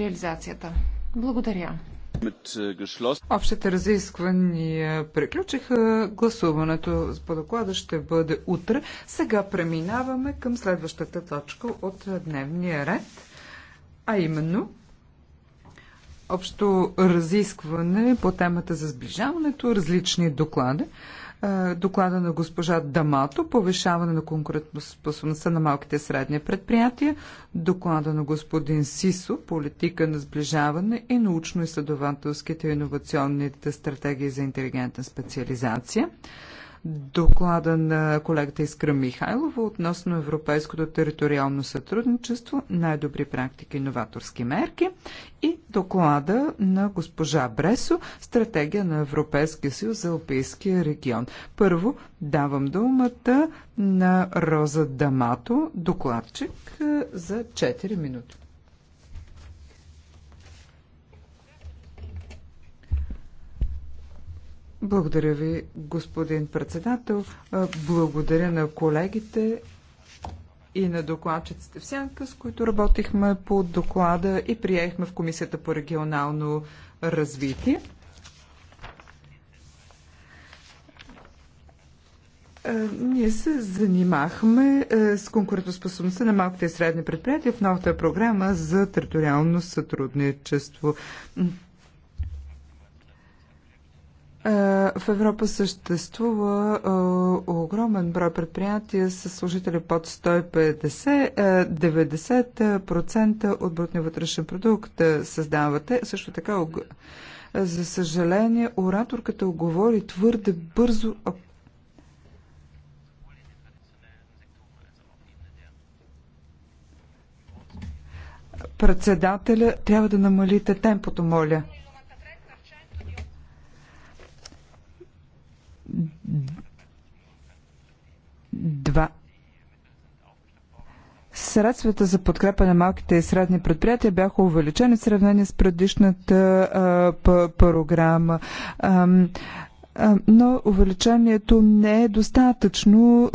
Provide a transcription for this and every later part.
реализацията. Благодаря. Общите разисквания приключиха. Гласуването по доклада ще бъде утре. Сега преминаваме към следващата точка от дневния ред, а именно общо разискване по темата за сближаването, различни доклади. Е, доклада на госпожа Дамато, повишаване на конкурентоспособността на малките и средни предприятия, доклада на господин Сисо, политика на сближаване и научно-изследователските и иновационните стратегии за интелигентна специализация доклада на колегата Искра Михайлова относно европейското териториално сътрудничество, най-добри практики, и новаторски мерки и доклада на госпожа Бресо, стратегия на Европейския съюз за Алпийския регион. Първо давам думата на Роза Дамато, докладчик е, за 4 минути. Благодаря ви, господин председател. Благодаря на колегите и на докладчиците в Сянка, с които работихме по доклада и приехме в Комисията по регионално развитие. Ние се занимахме с конкурентоспособността на малките и средни предприятия в новата програма за териториално сътрудничество. Е, в Европа съществува е, огромен брой предприятия с служители под 150. 90% е, от брутния вътрешен продукт създавате. Също така, за съжаление, ораторката говори твърде бързо, председателя, трябва да намалите темпото, моля. Два. Средствата за подкрепа на малките и средни предприятия бяха увеличени в сравнение с предишната а, програма. А, но увеличението не е достатъчно,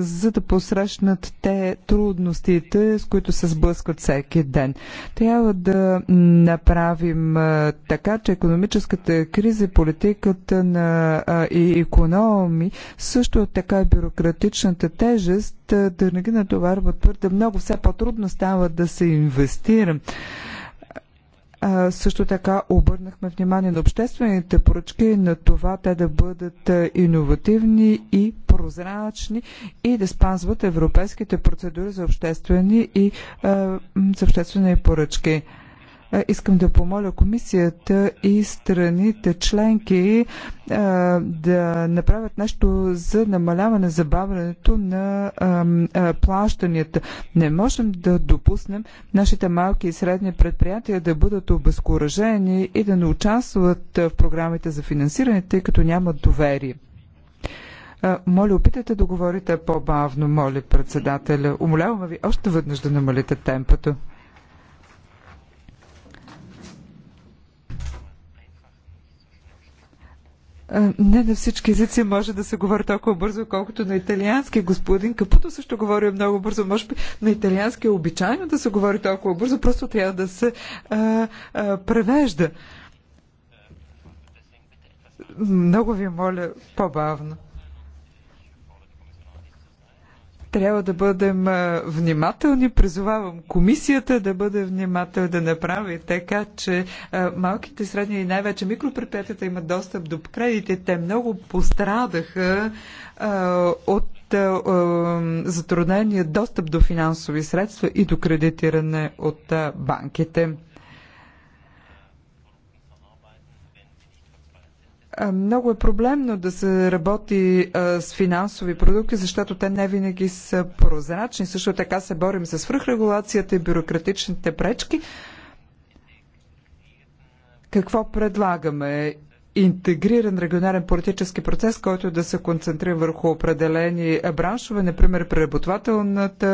за да посрещнат те трудностите, с които се сблъскват всеки ден. Трябва да направим така, че економическата криза и политиката на и економи, също така и бюрократичната тежест да не ги натоварват твърде много. Все по-трудно става да се инвестира. А, също така обърнахме внимание на обществените поръчки, на това те да бъдат иновативни и прозрачни и да спазват европейските процедури за обществени и а, за обществени поръчки. Е, искам да помоля комисията и страните членки е, да направят нещо за намаляване забавянето на е, плащанията. Не можем да допуснем нашите малки и средни предприятия да бъдат обезкуражени и да не участват в програмите за финансиране, тъй като нямат доверие. Моля, опитайте да говорите по-бавно, моля председателя. умолявам ви още веднъж да намалите темпото. Не на всички езици може да се говори толкова бързо, колкото на италиански. Господин Капуто също говори много бързо. Може би на италиански е обичайно да се говори толкова бързо, просто трябва да се а, а, превежда. Много ви моля, по-бавно. трябва да бъдем внимателни. Призовавам комисията да бъде внимател, да направи така, че малките, средни и най-вече микропредприятията имат достъп до кредити. Те много пострадаха от затруднения достъп до финансови средства и до кредитиране от банките. Много е проблемно да се работи с финансови продукти, защото те не винаги са прозрачни. Също така се борим с свръхрегулацията и бюрократичните пречки. Какво предлагаме? интегриран регионален политически процес, който да се концентрира върху определени браншове, например преработвателната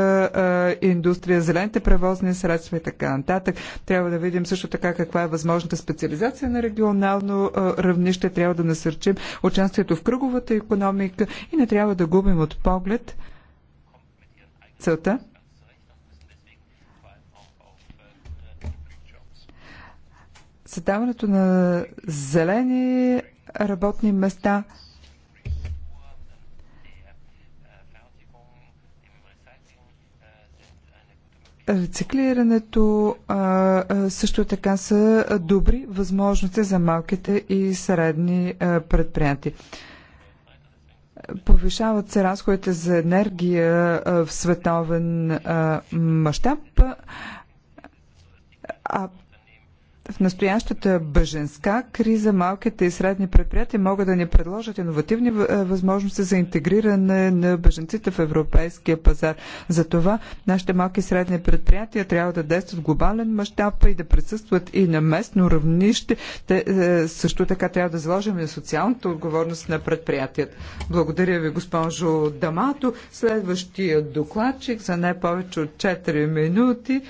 индустрия, зелените превозни средства и така нататък. Трябва да видим също така каква е възможната специализация на регионално равнище. Трябва да насърчим участието в кръговата економика и не трябва да губим от поглед целта създаването на зелени работни места. Рециклирането а, също така са добри възможности за малките и средни а, предприятия. Повишават се разходите за енергия а, в световен мащаб, а в настоящата бъженска криза малките и средни предприятия могат да ни предложат иновативни е, възможности за интегриране на бъженците в европейския пазар. Затова нашите малки и средни предприятия трябва да действат в глобален мащаб и да присъстват и на местно равнище. Те, е, също така трябва да заложим на социалната отговорност на предприятията. Благодаря ви, госпожо Дамато. Следващия докладчик за не повече от 4 минути, е,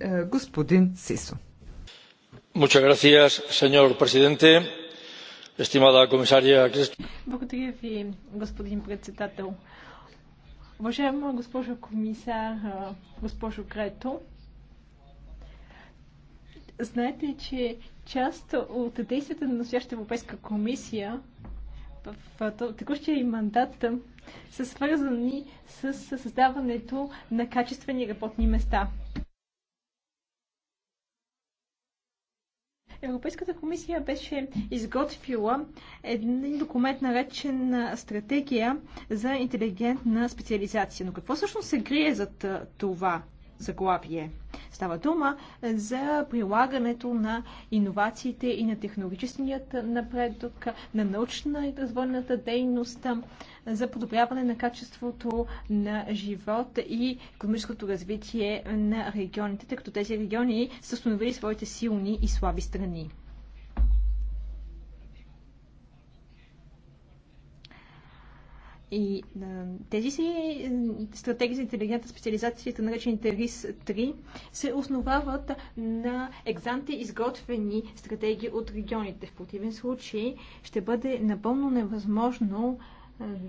е, господин Сисо señor presidente estimada комисария Благодаря ви, господин председател. Уважаема госпожо комисар, госпожо Крето, знаете, че част от действията на настоящата Европейска комисия в текущия им мандат са свързани с създаването на качествени работни места. Европейската комисия беше изготвила един документ, наречен Стратегия за интелигентна специализация. Но какво всъщност се грие зад това заглавие? Става дума за прилагането на иновациите и на технологическият напредък, на научна и развойната дейност за подобряване на качеството на живот и економическото развитие на регионите, тъй като тези региони са установили своите силни и слаби страни. И тези си стратегии за интелигентна специализацията, наречените РИС-3, се основават на екзанте изготвени стратегии от регионите. В противен случай ще бъде напълно невъзможно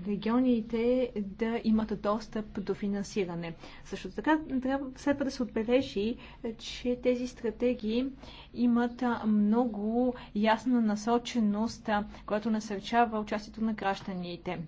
регионите да имат достъп до финансиране. Също така трябва, следва да се отбележи, че тези стратегии имат много ясна насоченост, която насърчава участието на гражданите.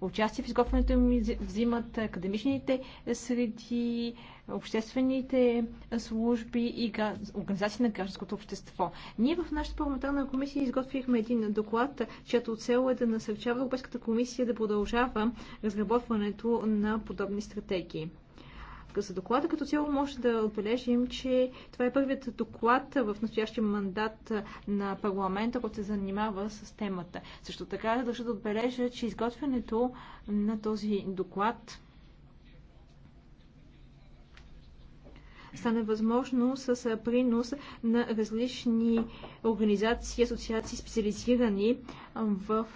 Участие в изготвянето им взимат академичните среди, обществените служби и организации на гражданското общество. Ние в нашата парламентарна комисия изготвихме един доклад, чиято цел е да насърчава Европейската комисия да продължава разработването на подобни стратегии връзка с доклада. Като цяло може да отбележим, че това е първият доклад в настоящия мандат на парламента, който се занимава с темата. Също така държа да отбележа, че изготвянето на този доклад стане възможно с принос на различни организации, асоциации, специализирани в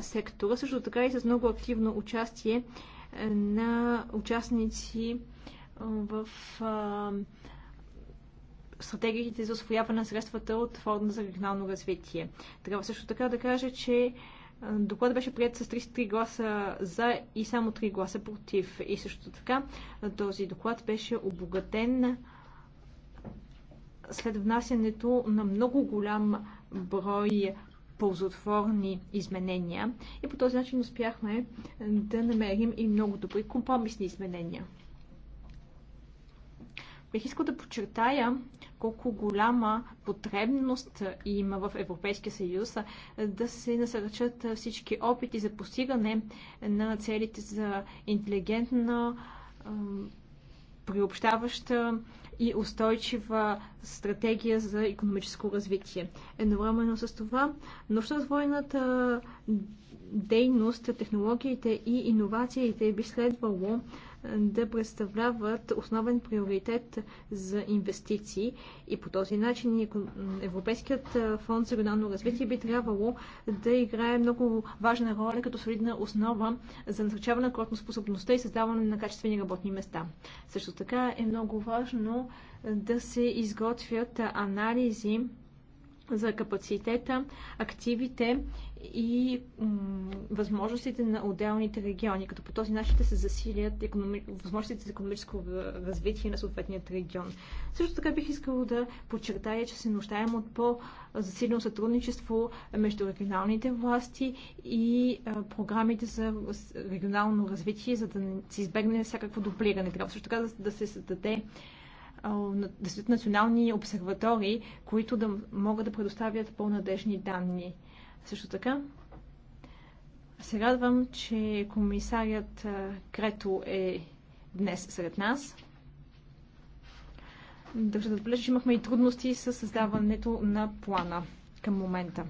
сектора, също така и с много активно участие на участници в а, стратегиите за освояване на средствата от Фонда за регионално развитие. Трябва също така да кажа, че доклад беше прият с 33 гласа за и само 3 гласа против. И също така този доклад беше обогатен след внасянето на много голям брой ползотворни изменения и по този начин успяхме да намерим и много добри компромисни изменения. Бих искал да подчертая колко голяма потребност има в Европейския съюз да се насърчат всички опити за постигане на целите за интелигентна, приобщаваща и устойчива стратегия за економическо развитие. Едновременно с това, научно-развойната дейност, технологиите и иновациите би следвало да представляват основен приоритет за инвестиции и по този начин Европейският фонд за регионално развитие би трябвало да играе много важна роля като солидна основа за насърчаване на способността и създаване на качествени работни места. Също така е много важно да се изготвят анализи за капацитета, активите и възможностите на отделните региони, като по този начин ще се засилят економи... възможностите за економическо развитие на съответният регион. Също така бих искала да подчертая, че се нуждаем от по-засилено сътрудничество между регионалните власти и а, програмите за регионално развитие, за да се избегне всякакво дублиране. Трябва също така да, да се създаде да национални обсерватории, които да могат да предоставят по-надежни данни. Също така, се радвам, че комисарият Крето е днес сред нас. Държа да отбележа, че имахме и трудности с създаването на плана към момента.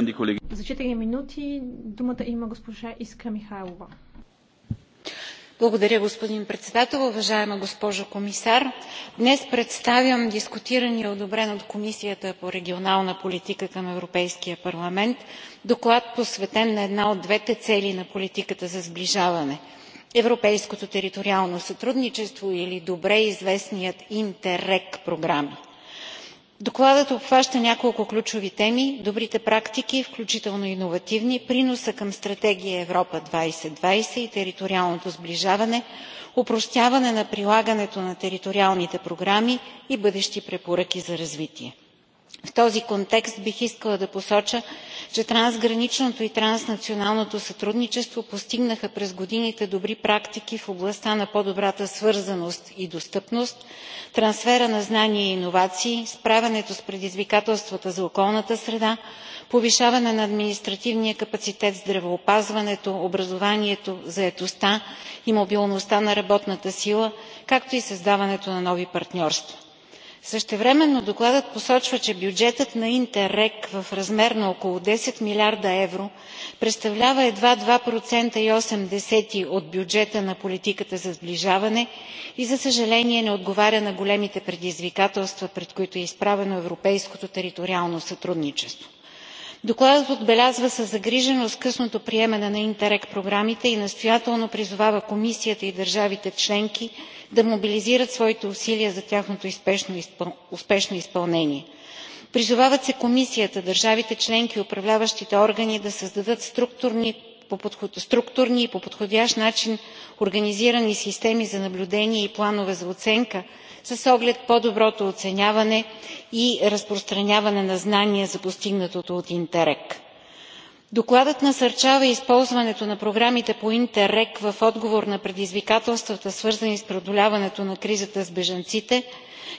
За 4 минути думата има госпожа Иска Михайлова. Благодаря, господин председател. Уважаема госпожо комисар, днес представям дискутирания и одобрен от Комисията по регионална политика към Европейския парламент доклад, посветен на една от двете цели на политиката за сближаване – европейското териториално сътрудничество, или добре известният интеррег програми докладът обхваща няколко ключови теми добрите практики включително иновативни приноса към стратегия европа две хиляди и двадесет и териториалното сближаване опростяване на прилагането на териториалните програми и бъдещи препоръки за развитие в този контекст бих искала да посоча че трансграничното и транснационалното сътрудничество постигнаха през годините добри практики в областта на по добрата свързаност и достъпност трансфера на знания и иновации справянето с предизвикателствата за околната среда повишаване на административния капацитет в здравеопазването образованието заетостта и мобилността на работната сила както и създаването на нови партньорства същевременно докладът посочва че бюджетът на интеррег в размер на около десет милиарда евро представлява едва два и осем от бюджета на политиката за сближаване и за съжаление не отговаря на големите предизвикателства пред които е изправено европейското териториално сътрудничество докладът отбелязва със загриженост късното приемане на интеррег програмите и настоятелно призовава комисията и държавите членки да мобилизират своите усилия за тяхното успешно изпълнение. призовават се комисията държавите членки и управляващите органи да създадат структурни и по подходящ начин организирани системи за наблюдение и планове за оценка с оглед по доброто оценяване и разпространяване на знания за постигнатото от интеррег. докладът насърчава използването на програмите по интеррег в отговор на предизвикателствата свързани с преодоляването на кризата с бежанците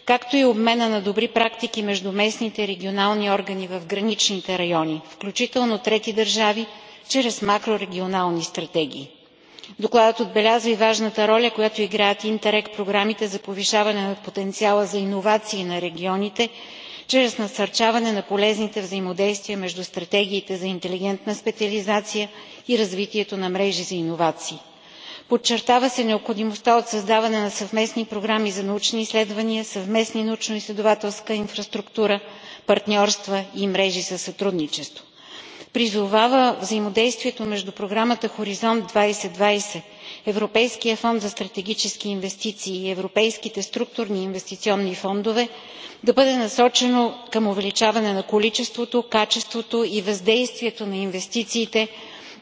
както и обмена на добри практики между местните и регионални органи в граничните райони включително трети държави чрез макрорегионални стратегии докладът отбелязва и важната роля която играят интеррег програмите за повишаване на потенциала за иновации на регионите чрез насърчаване на полезните взаимодействия между стратегиите за интелигентна специализация и развитието на мрежи за иновации. подчертава се необходимостта от създаване на съвместни програми за научни изследвания съвместна научно изследователска инфраструктура партньорства и мрежи за сътрудничество призовава взаимодействието между програмата хоризонт две хиляди и двадесет европейския фонд за стратегически инвестиции и европейските структурни и инвестиционни фондове да бъде насочено към увеличаване на количеството качеството и въздействието на инвестициите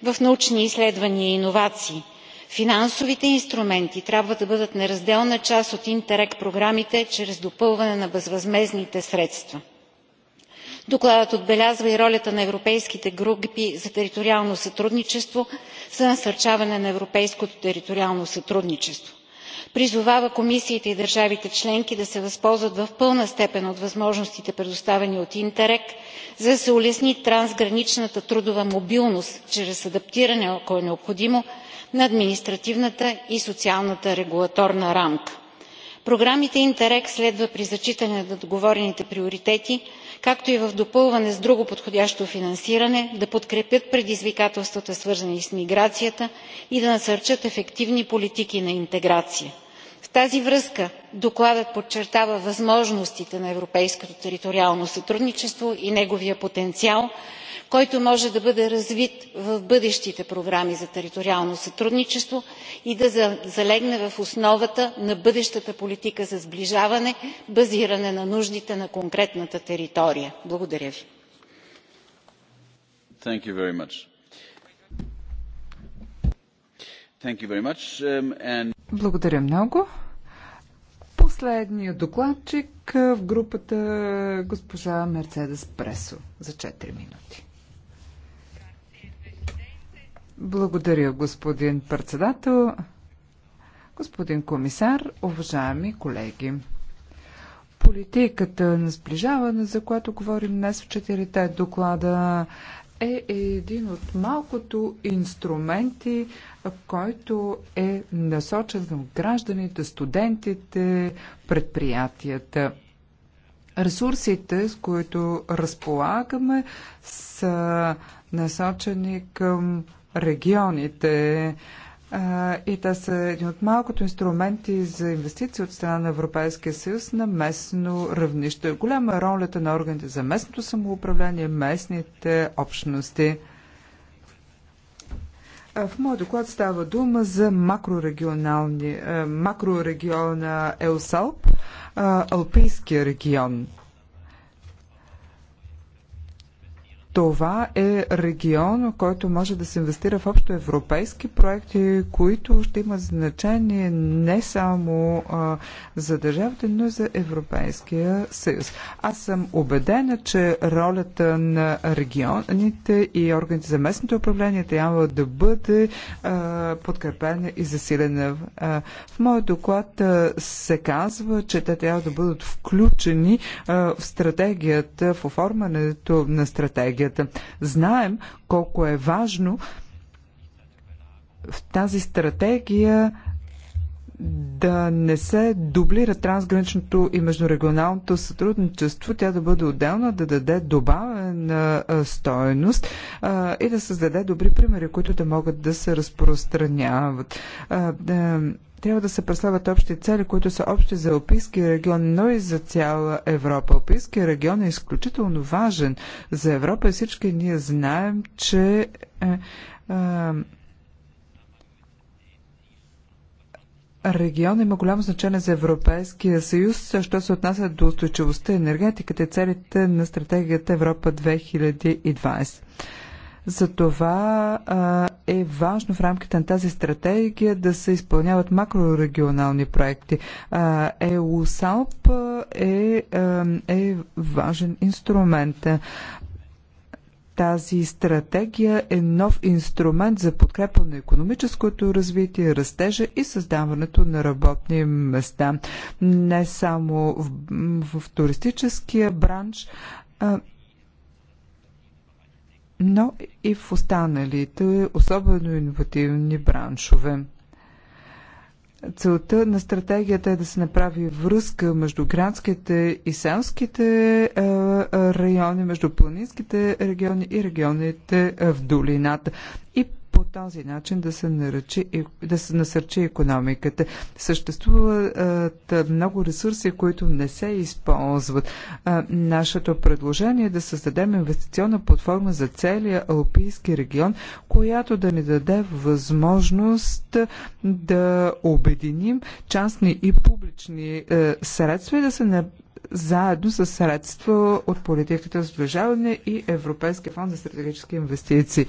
в научни изследвания и иновации. финансовите инструменти трябва да бъдат неразделна част от интеррег програмите чрез допълване на безвъзмездните средства докладът отбелязва и ролята на европейските групи за териториално сътрудничество за насърчаване на европейското териториално сътрудничество. призовава комисията и държавите членки да се възползват в пълна степен от възможностите предоставени от интеррег за да се улесни трансграничната трудова мобилност чрез адаптиране ако е необходимо на административната и социалната регулаторна рамка. програмите интеррег следва при зачитане на договорените приоритети както и в допълване с друго подходящо финансиране да подкрепят предизвикателствата свързани с миграцията и да насърчат ефективни политики на интеграция. в тази връзка докладът подчертава възможностите на европейското териториално сътрудничество и неговия потенциал който може да бъде развит в бъдещите програми за териториално сътрудничество и да залегне в основата на бъдещата политика за сближаване базирана на нуждите на конкретната територия. Благодаря ви. Um, Благодаря много. Последният докладчик в групата е госпожа Мерцедес Пресо за 4 минути. Благодаря, господин председател, господин комисар, уважаеми колеги. Политиката на сближаване, за която говорим днес в четирите доклада, е един от малкото инструменти, който е насочен към гражданите, студентите, предприятията. Ресурсите, с които разполагаме, са насочени към регионите. И те са един от малкото инструменти за инвестиции от страна на Европейския съюз на местно равнище. Голяма е ролята на органите за местното самоуправление, местните общности. В моят доклад става дума за макрорегионални, макрорегиона Елсалп, Алпийския регион. Това е регион, който може да се инвестира в общо европейски проекти, които ще имат значение не само а, за държавите, но и за Европейския съюз. Аз съм убедена, че ролята на регионите и органите за местното управление трябва да бъде а, подкрепена и засилена. А, в моят доклад а, се казва, че те трябва да бъдат включени а, в стратегията, в оформянето на стратегията енергията. Знаем колко е важно в тази стратегия да не се дублира трансграничното и междурегионалното сътрудничество, тя да бъде отделна, да даде добавена стоеност и да създаде добри примери, които да могат да се разпространяват. Трябва да се преследват общи цели, които са общи за Алпийския регион, но и за цяла Европа. Алпийския регион е изключително важен за Европа и всички ние знаем, че е, е, регион има голямо значение за Европейския съюз, що се отнася до устойчивостта, енергетиката и целите на стратегията Европа 2020. Затова а, е важно в рамките на тази стратегия да се изпълняват макрорегионални проекти. ЕУСАЛП е, е, е важен инструмент. Тази стратегия е нов инструмент за подкрепа на економическото развитие, растежа и създаването на работни места. Не само в, в туристическия бранш, а, но и в останалите, особено иновативни браншове. Целта на стратегията е да се направи връзка между градските и селските райони, между планинските региони и регионите в долината. И по този начин да се, наръчи, да се насърчи економиката. Съществуват много ресурси, които не се използват. Нашето предложение е да създадем инвестиционна платформа за целия Алпийски регион, която да ни даде възможност да обединим частни и публични средства и да се заедно с средства от политиката за сближаване и Европейския фонд за стратегически инвестиции.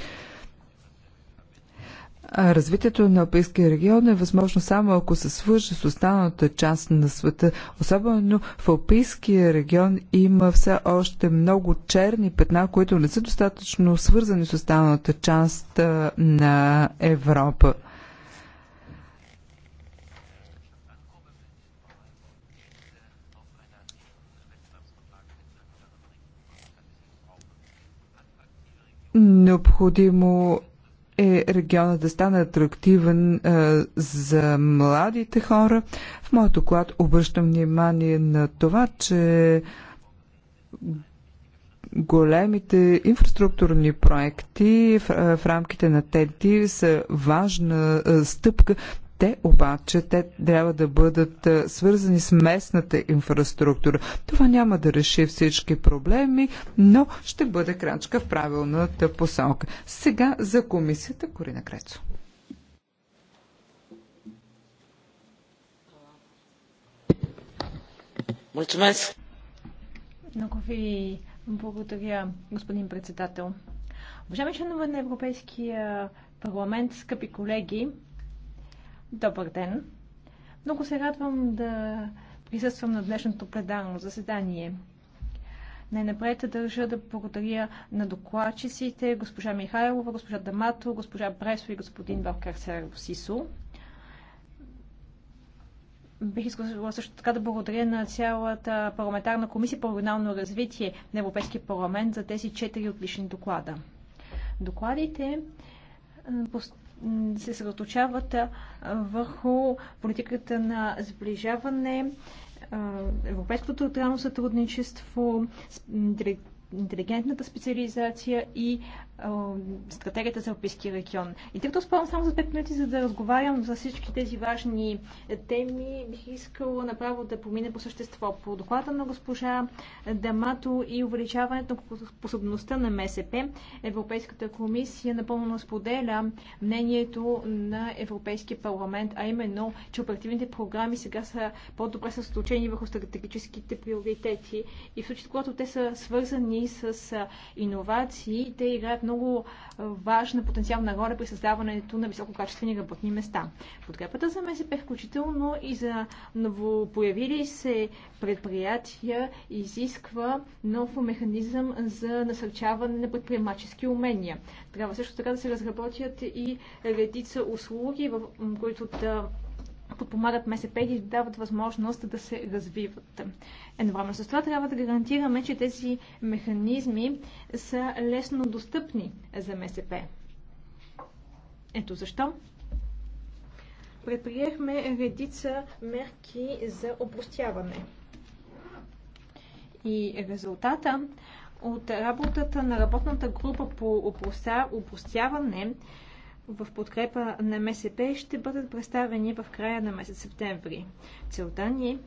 Развитието на Алпийския регион е възможно само ако се свържи с останалата част на света. Особено в Алпийския регион има все още много черни петна, които не са достатъчно свързани с останалата част на Европа. Необходимо е региона да стане атрактивен а, е, за младите хора. В моят доклад обръщам внимание на това, че големите инфраструктурни проекти в, е, в рамките на ТЕДИ са важна е, стъпка те обаче те трябва да бъдат е, свързани с местната инфраструктура. Това няма да реши всички проблеми, но ще бъде крачка в правилната посока. Сега за комисията Корина Крецо. Много ви благодаря, господин председател. Уважаеми членове на Европейския парламент, скъпи колеги, Добър ден! Много се радвам да присъствам на днешното пледарно заседание. Най-напред държа да благодаря на докладчиците госпожа Михайлова, госпожа Дамато, госпожа Бресо и господин Валкар Сисо. Бих искала също така да благодаря на цялата парламентарна комисия по регионално развитие на Европейския парламент за тези четири отлични доклада. Докладите се съсредоточават върху политиката на сближаване, европейското трансътрудничество, сътрудничество, интелигентната специализация и стратегията за Европейския регион. И тъй като спомням само за 5 минути, за да разговарям за всички тези важни теми, бих искала направо да помина по същество. По доклада на госпожа Дамато и увеличаването на способността на МСП, Европейската комисия напълно споделя мнението на Европейския парламент, а именно, че оперативните програми сега са по-добре състочени върху стратегическите приоритети и в случай, когато те са свързани свързани с иновации, те играят много важна потенциална роля при създаването на висококачествени работни места. Подкрепата за МСП, включително и за новопоявили се предприятия, изисква нов механизъм за насърчаване на предприемачески умения. Трябва също така да се разработят и редица услуги, в които да подпомагат МСП и дават възможност да се развиват. Едновременно с това трябва да гарантираме, че тези механизми са лесно достъпни за МСП. Ето защо предприехме редица мерки за опростяване. И резултата от работата на работната група по опростяване в подкрепа на МСП ще бъдат представени в края на месец септември. Целта ни е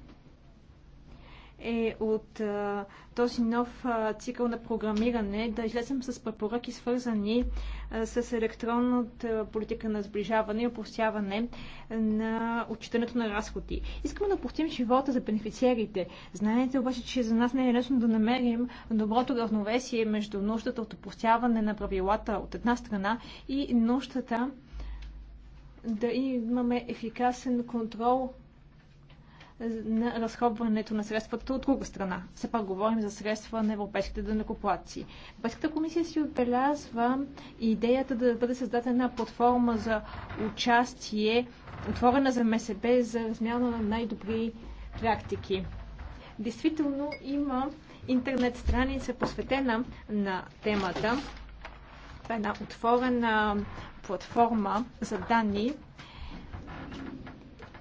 е от а, този нов а, цикъл на програмиране да излезем с препоръки, свързани а, с електронната политика на сближаване и опростяване на отчитането на разходи. Искаме да опростим живота за бенефициерите. Знаете обаче, че за нас не е лесно да намерим доброто равновесие между нуждата от опростяване на правилата от една страна и нуждата да имаме ефикасен контрол на разходването на средствата от друга страна. Все пак говорим за средства на европейските дънакоплаци. Европейската комисия си отбелязва идеята да бъде създадена платформа за участие, отворена за МСБ, за размяна на най-добри практики. Действително има интернет страница, посветена на темата. Това е една отворена платформа за данни,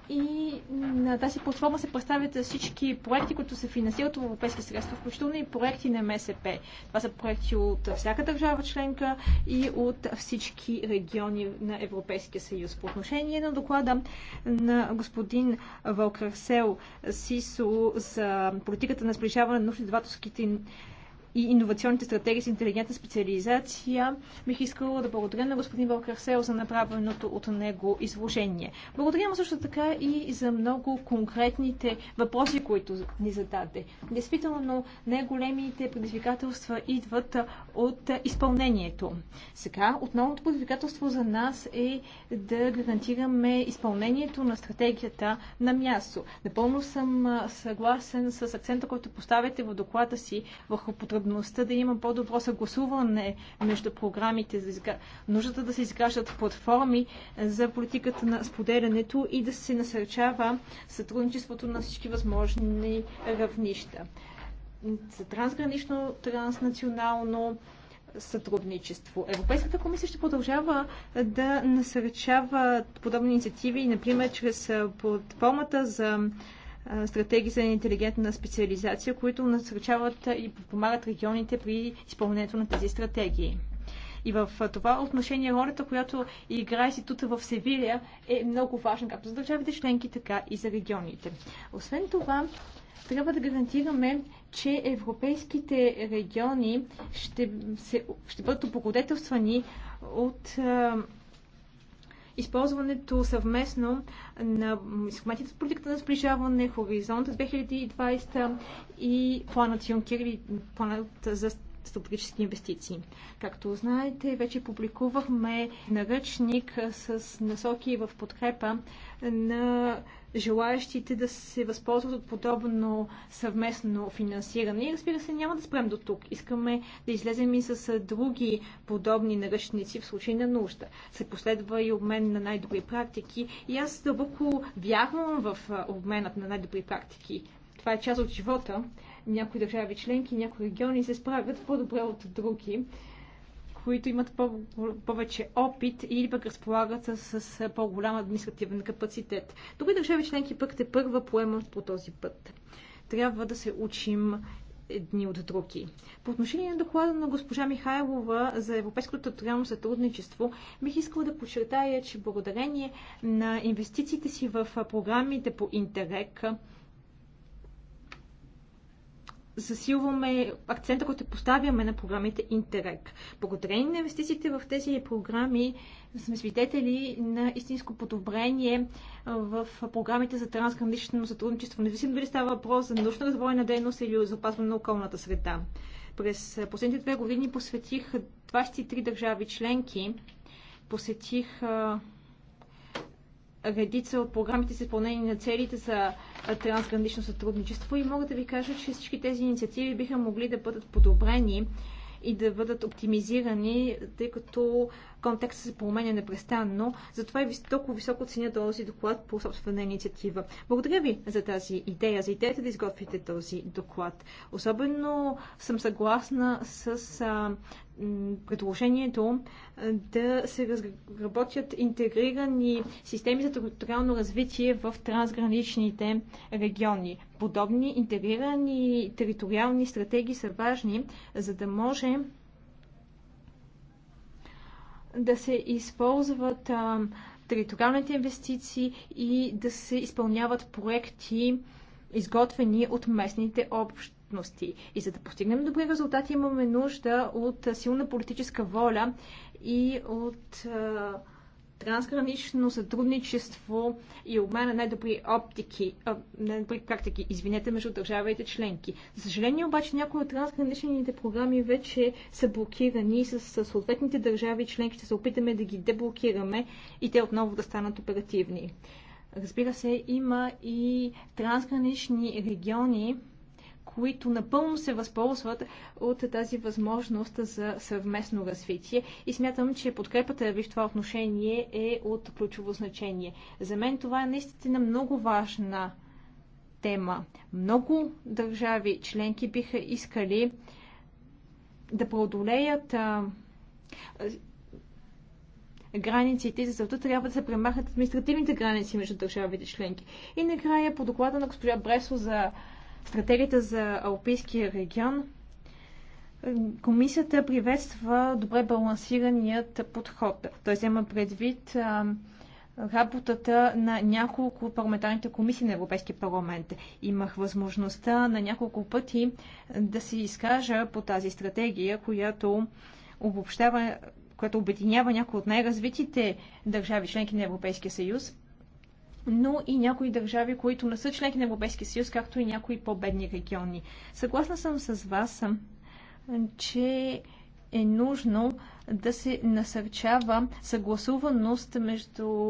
и на тази платформа се представят всички проекти, които се финансират от европейски средства, включително и проекти на МСП. Това са проекти от всяка държава членка и от всички региони на Европейския съюз. По отношение на доклада на господин Валкарсел Сисо за политиката на сближаване на научно-издавателските и иновационните стратегии с интелигентна специализация. Бих искала да благодаря на господин Валкарсел за направеното от него изложение. Благодаря му също така и за много конкретните въпроси, които ни зададе. Действително, най-големите предизвикателства идват от изпълнението. Сега, основното предизвикателство за нас е да гарантираме изпълнението на стратегията на място. Напълно съм съгласен с акцента, който поставяте в доклада си върху потребителите потребността да има по-добро съгласуване между програмите, за изгр... нуждата да се изграждат платформи за политиката на споделянето и да се насърчава сътрудничеството на всички възможни равнища. За трансгранично, транснационално, сътрудничество. Европейската комисия ще продължава да насърчава подобни инициативи, например, чрез платформата за стратегии за интелигентна специализация, които насърчават и помагат регионите при изпълнението на тези стратегии. И в това отношение ролята, която играе института в Севилия е много важна, както за държавите членки, така и за регионите. Освен това, трябва да гарантираме, че европейските региони ще, се, ще бъдат облагодетелствани от използването съвместно на схематите с политиката на сближаване, Хоризонта 2020 и планът Юнкер и планът за стратегически инвестиции. Както знаете, вече публикувахме наръчник с насоки в подкрепа на желаящите да се възползват от подобно съвместно финансиране. И разбира се, няма да спрем до тук. Искаме да излезем и с други подобни наръчници в случай на нужда. Се последва и обмен на най-добри практики. И аз дълбоко вярвам в обменът на най-добри практики. Това е част от живота. Някои държави членки, някои региони се справят по-добре от други които имат по повече опит или пък разполагат с, с по-голям административен капацитет. Други държави членки пък те първа поемат по този път. Трябва да се учим едни от други. По отношение на доклада на госпожа Михайлова за европейското териториално сътрудничество, бих искала да подчертая, че благодарение на инвестициите си в програмите по Интерек, засилваме акцента, който поставяме на програмите Интерек. Благодарение на инвестициите в тези програми сме свидетели на истинско подобрение в програмите за трансгранично сътрудничество, независимо дали става въпрос за научна развойна дейност или за опазване на околната среда. През последните две години посветих 23 държави членки, посетих редица от програмите с изпълнение на целите за трансгранично сътрудничество и мога да ви кажа, че всички тези инициативи биха могли да бъдат подобрени и да бъдат оптимизирани, тъй като контекстът се променя непрестанно, затова и толкова високо ценя този доклад по собствена инициатива. Благодаря ви за тази идея, за идеята да изготвите този доклад. Особено съм съгласна с а, предложението да се разработят интегрирани системи за териториално развитие в трансграничните региони. Подобни интегрирани териториални стратегии са важни, за да може да се използват а, териториалните инвестиции и да се изпълняват проекти, изготвени от местните общности. И за да постигнем добри резултати, имаме нужда от силна политическа воля и от а, трансгранично сътрудничество и обмен на най-добри оптики, най-добри практики, извинете, между държавите членки. За съжаление обаче някои от трансграничните програми вече са блокирани с, с съответните държави членки. Ще се опитаме да ги деблокираме и те отново да станат оперативни. Разбира се, има и трансгранични региони, които напълно се възползват от тази възможност за съвместно развитие. И смятам, че подкрепата ви в това отношение е от ключово значение. За мен това е наистина много важна тема. Много държави членки биха искали да преодолеят а, границите, за това трябва да се премахнат административните граници между държавите членки. И накрая по доклада на госпожа Бресо за стратегията за Алпийския регион, комисията приветства добре балансираният подход. Той взема предвид работата на няколко от парламентарните комисии на Европейския парламент. Имах възможността на няколко пъти да се изкажа по тази стратегия, която обобщава, която обединява някои от най-развитите държави, членки на Европейския съюз но и някои държави, които не са членки на Европейския съюз, както и някои по-бедни региони. Съгласна съм с вас, че е нужно да се насърчава съгласуваност между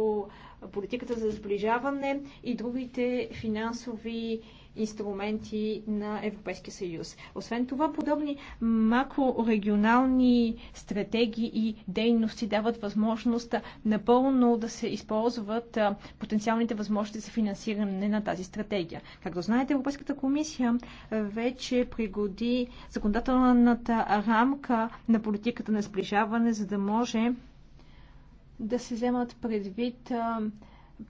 политиката за сближаване и другите финансови инструменти на Европейския съюз. Освен това, подобни макрорегионални стратегии и дейности дават възможност напълно да се използват потенциалните възможности за финансиране на тази стратегия. Както знаете, Европейската комисия вече пригоди законодателната рамка на политиката на сближаване, за да може да се вземат предвид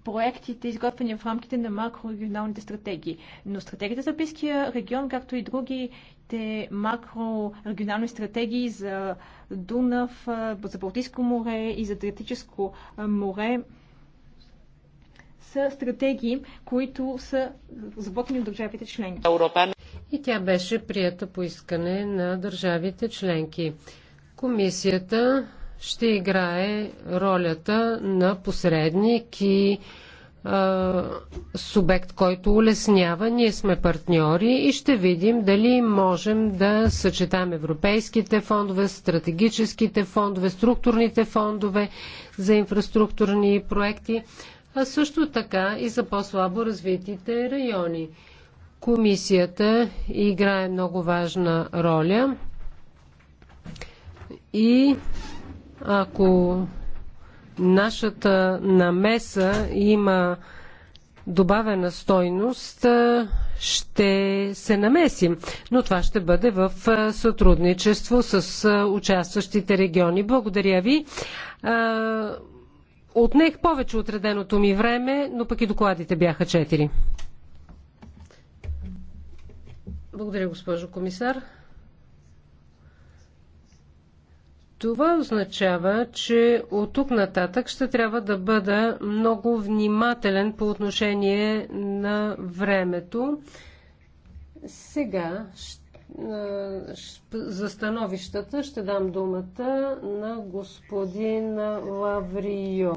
проектите, изготвени в рамките на макрорегионалните стратегии. Но стратегията за Близкия регион, както и другите макрорегионални стратегии за Дунав, за Балтийско море и за Адриатическо море, са стратегии, които са заботени от държавите членки. И тя беше прията по искане на държавите членки. Комисията ще играе ролята на посредник и субект, който улеснява. Ние сме партньори и ще видим дали можем да съчетаем европейските фондове, стратегическите фондове, структурните фондове за инфраструктурни проекти, а също така и за по-слабо развитите райони. Комисията играе много важна роля и ако нашата намеса има добавена стойност, ще се намесим. Но това ще бъде в сътрудничество с участващите региони. Благодаря ви. Отнех повече отреденото ми време, но пък и докладите бяха четири. Благодаря, госпожо комисар. Това означава, че от тук нататък ще трябва да бъда много внимателен по отношение на времето. Сега за становищата ще дам думата на господин Лаврио.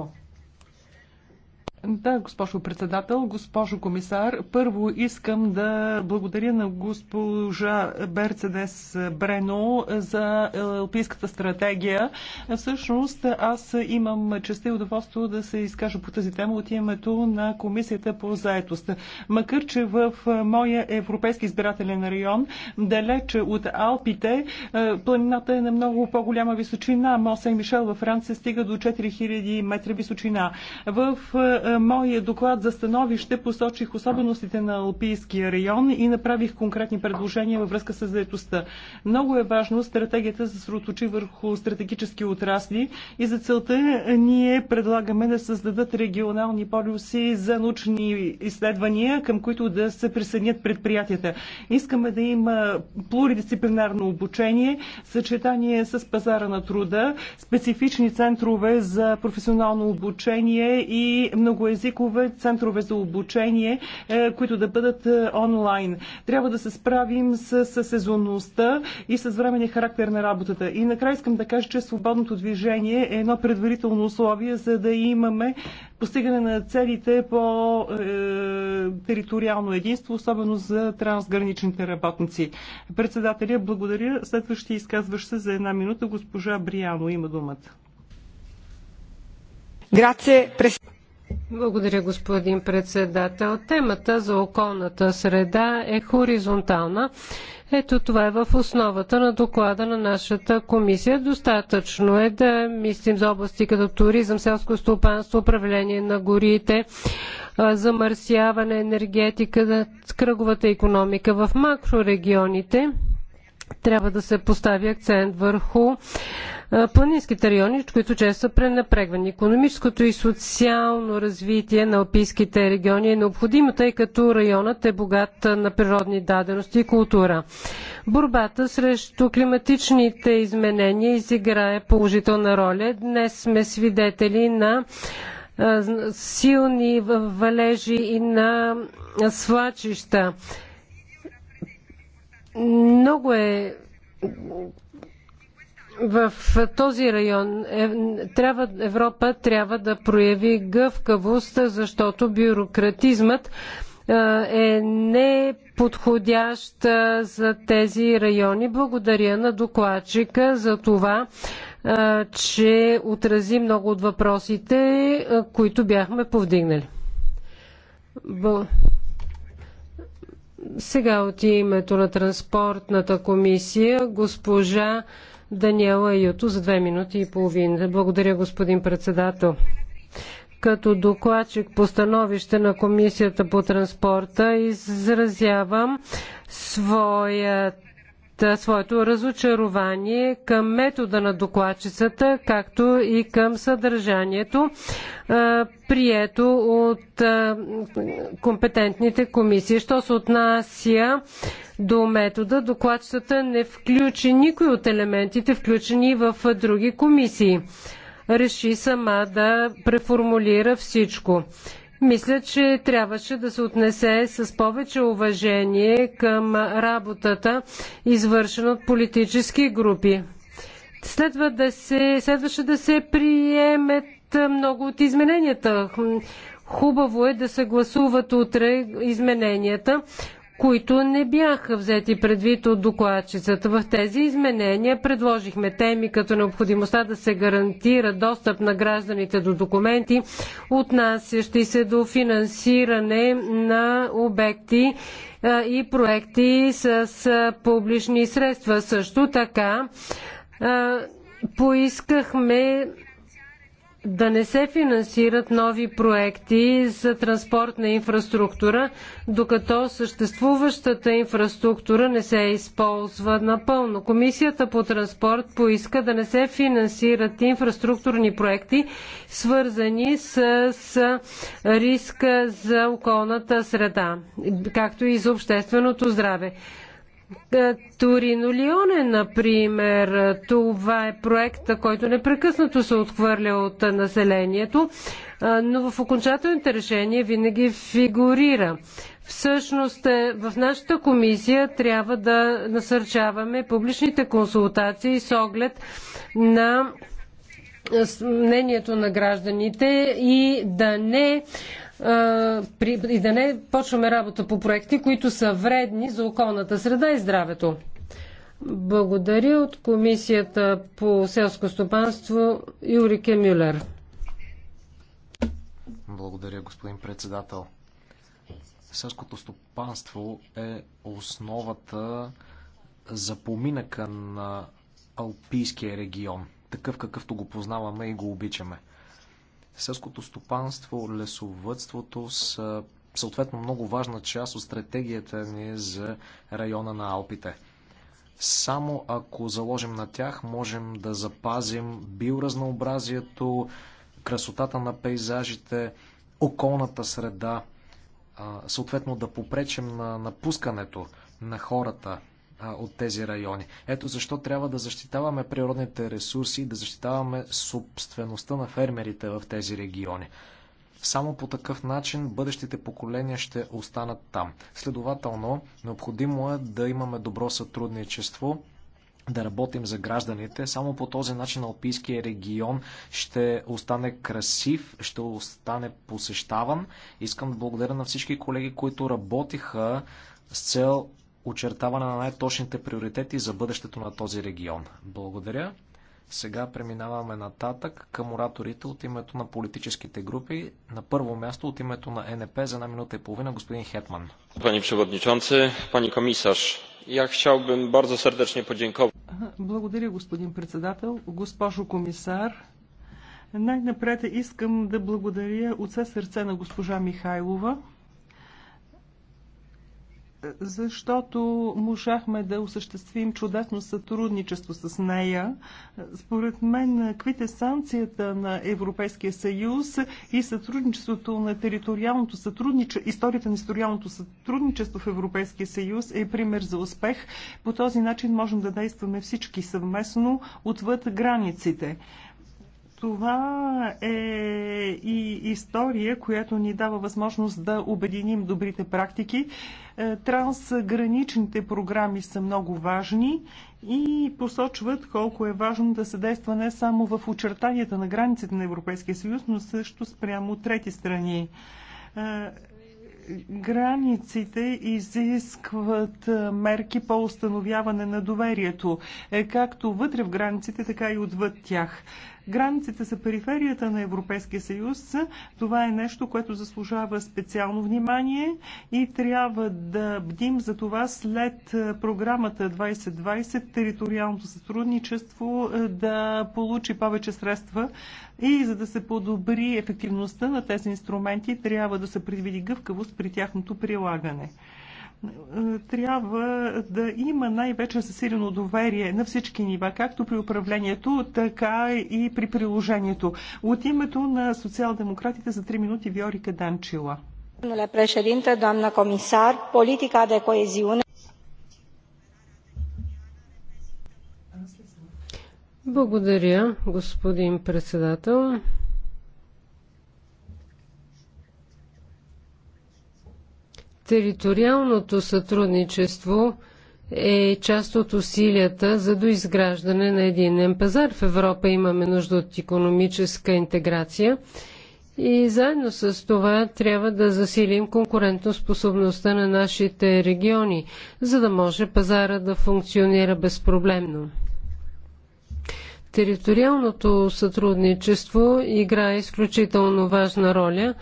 Да, госпожо председател, госпожо комисар, първо искам да благодаря на госпожа Берцедес Брено за е, Алпийската стратегия. Всъщност аз имам честа и удоволство да се изкажа по тази тема от името на Комисията по заедост. Макар, че в моя европейски избирателен район, далече от Алпите, е, планината е на много по-голяма височина. Моса и Мишел във Франция стига до 4000 метра височина. В е, е, моя доклад за становище посочих особеностите на Алпийския район и направих конкретни предложения във връзка с заедостта. Много е важно стратегията да се сроточи върху стратегически отрасли и за целта ние предлагаме да създадат регионални полюси за научни изследвания, към които да се присъединят предприятията. Искаме да има плуридисциплинарно обучение, съчетание с пазара на труда, специфични центрове за професионално обучение и много многоязикове центрове за обучение, е, които да бъдат е, онлайн. Трябва да се справим с, с сезонността и с временния характер на работата. И накрая искам да кажа, че свободното движение е едно предварително условие, за да имаме постигане на целите по е, териториално единство, особено за трансграничните работници. Председателя, благодаря. Следващи изказващ се за една минута госпожа Бриано има думата. Грация, благодаря, господин председател. Темата за околната среда е хоризонтална. Ето това е в основата на доклада на нашата комисия. Достатъчно е да мислим за области като туризъм, селско стопанство, управление на горите, замърсяване, енергетика, кръговата економика в макрорегионите трябва да се постави акцент върху планинските райони, които често са пренапрегвани. Економическото и социално развитие на алпийските региони е необходимо, тъй като районът е богат на природни дадености и култура. Борбата срещу климатичните изменения изиграе положителна роля. Днес сме свидетели на силни валежи и на свлачища. Много е в този район е, трябва, Европа трябва да прояви гъвкавост, защото бюрократизмът е, е неподходящ е, за тези райони. Благодаря на докладчика за това, че отрази много от въпросите, които бяхме повдигнали. Сега от името на транспортната комисия госпожа Даниела Юто за две минути и половина. Благодаря, господин председател. Като докладчик по становище на Комисията по транспорта изразявам своят своето разочарование към метода на докладчицата, както и към съдържанието, прието от компетентните комисии. Що се отнася до метода, докладчицата не включи никой от елементите, включени в други комисии реши сама да преформулира всичко. Мисля, че трябваше да се отнесе с повече уважение към работата, извършена от политически групи. Следва да се, следваше да се приемет много от измененията. Хубаво е да се гласуват утре измененията които не бяха взети предвид от докладчицата. В тези изменения предложихме теми като необходимостта да се гарантира достъп на гражданите до документи, отнасящи се до финансиране на обекти и проекти с публични средства. Също така поискахме да не се финансират нови проекти за транспортна инфраструктура, докато съществуващата инфраструктура не се използва напълно. Комисията по транспорт поиска да не се финансират инфраструктурни проекти, свързани с, с риска за околната среда, както и за общественото здраве. Е, Торино Лионе, например, това е проект, който непрекъснато се отхвърля от населението, е, но в окончателните решения винаги фигурира. Всъщност, е, в нашата комисия трябва да насърчаваме публичните консултации с оглед на мнението на гражданите и да не при, и да не почваме работа по проекти, които са вредни за околната среда и здравето. Благодаря от Комисията по селско стопанство Юрике Мюлер. Благодаря, господин председател. Селското стопанство е основата за поминъка на Алпийския регион, такъв какъвто го познаваме и го обичаме. Селското стопанство, лесовътството са съответно много важна част от стратегията ни за района на Алпите. Само ако заложим на тях, можем да запазим биоразнообразието, красотата на пейзажите, околната среда, съответно да попречим на напускането на хората от тези райони. Ето защо трябва да защитаваме природните ресурси, да защитаваме собствеността на фермерите в тези региони. Само по такъв начин бъдещите поколения ще останат там. Следователно, необходимо е да имаме добро сътрудничество, да работим за гражданите. Само по този начин Алпийския регион ще остане красив, ще остане посещаван. Искам да благодаря на всички колеги, които работиха с цел очертаване на най-точните приоритети за бъдещето на този регион. Благодаря. Сега преминаваме нататък към ораторите от името на политическите групи. На първо място от името на НП за една минута и половина господин Хетман. Пани Przewodniczący, пани комисаж, я chciałbym bardzo serdecznie podziękować. Благодаря, господин председател. Госпожо комисар, най-напред искам да благодаря от все сърце на госпожа Михайлова, защото можахме да осъществим чудесно сътрудничество с нея. Според мен санкцията на Европейския съюз и сътрудничеството на териториалното сътрудничество, историята на териториалното сътрудничество в Европейския съюз е пример за успех. По този начин можем да действаме всички съвместно отвъд границите. Това е и история, която ни дава възможност да обединим добрите практики. Е, трансграничните програми са много важни и посочват колко е важно да се действа не само в очертанията на границите на Европейския съюз, но също спрямо трети страни. Е, Границите изискват е, мерки по установяване на доверието, е, както вътре в границите, така и отвъд тях. Границите са периферията на Европейския съюз. Това е нещо, което заслужава специално внимание и трябва да бдим за това след е, програмата 2020 териториалното сътрудничество да получи повече средства, и за да се подобри ефективността на тези инструменти, трябва да се предвиди гъвкавост при тяхното прилагане трябва да има най-вече засилено доверие на всички нива, както при управлението, така и при приложението. От името на социал-демократите за 3 минути Виорика Данчила. Domnule președinte, doamnă комисар, политика de coeziune Благодаря, господин председател. Териториалното сътрудничество е част от усилията за доизграждане на единен пазар. В Европа имаме нужда от економическа интеграция и заедно с това трябва да засилим конкурентоспособността на нашите региони, за да може пазара да функционира безпроблемно. Териториалното сътрудничество играе изключително важна роля.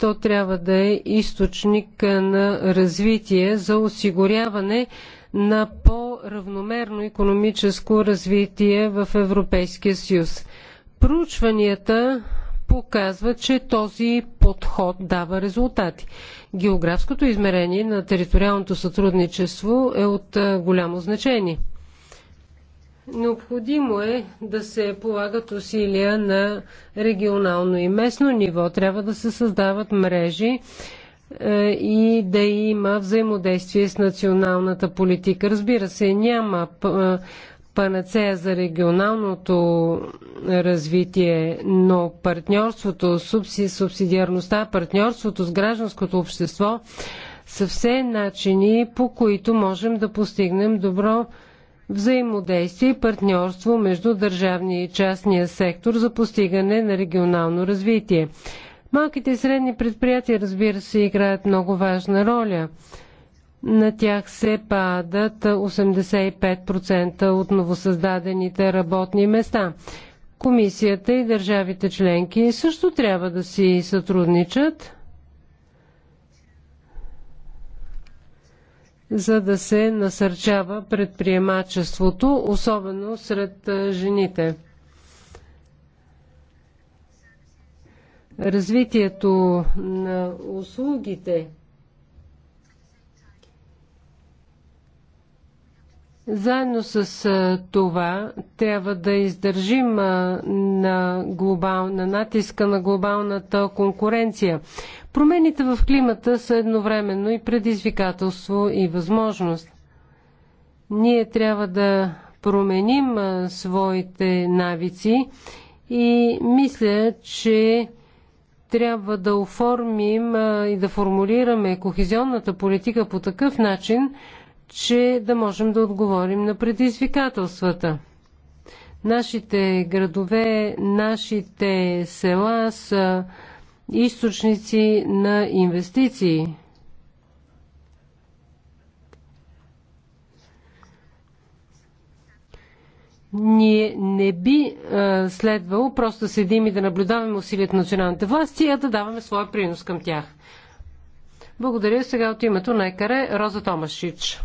То трябва да е източник на развитие за осигуряване на по-равномерно економическо развитие в Европейския съюз. Проучванията показва, че този подход дава резултати. Географското измерение на териториалното сътрудничество е от голямо значение. Необходимо е да се полагат усилия на регионално и местно ниво. Трябва да се създават мрежи е, и да има взаимодействие с националната политика. Разбира се, няма е, панацея за регионалното развитие, но партньорството, субсидиарността, партньорството с гражданското общество са все начини, по които можем да постигнем добро взаимодействие и партньорство между държавния и частния сектор за постигане на регионално развитие. Малките и средни предприятия, разбира се, играят много важна роля. На тях се падат 85% от новосъздадените работни места. Комисията и държавите членки също трябва да си сътрудничат за да се насърчава предприемачеството, особено сред жените. Развитието на услугите Заедно с това трябва да издържим на, глобал, на натиска на глобалната конкуренция. Промените в климата са едновременно и предизвикателство и възможност. Ние трябва да променим а, своите навици и мисля, че трябва да оформим а, и да формулираме кохезионната политика по такъв начин, че да можем да отговорим на предизвикателствата. Нашите градове, нашите села са източници на инвестиции. Ние не би а, е, следвало просто да седим и да наблюдаваме усилията на националните власти, а да даваме своя принос към тях. Благодаря сега от името на Екаре Роза Томашич.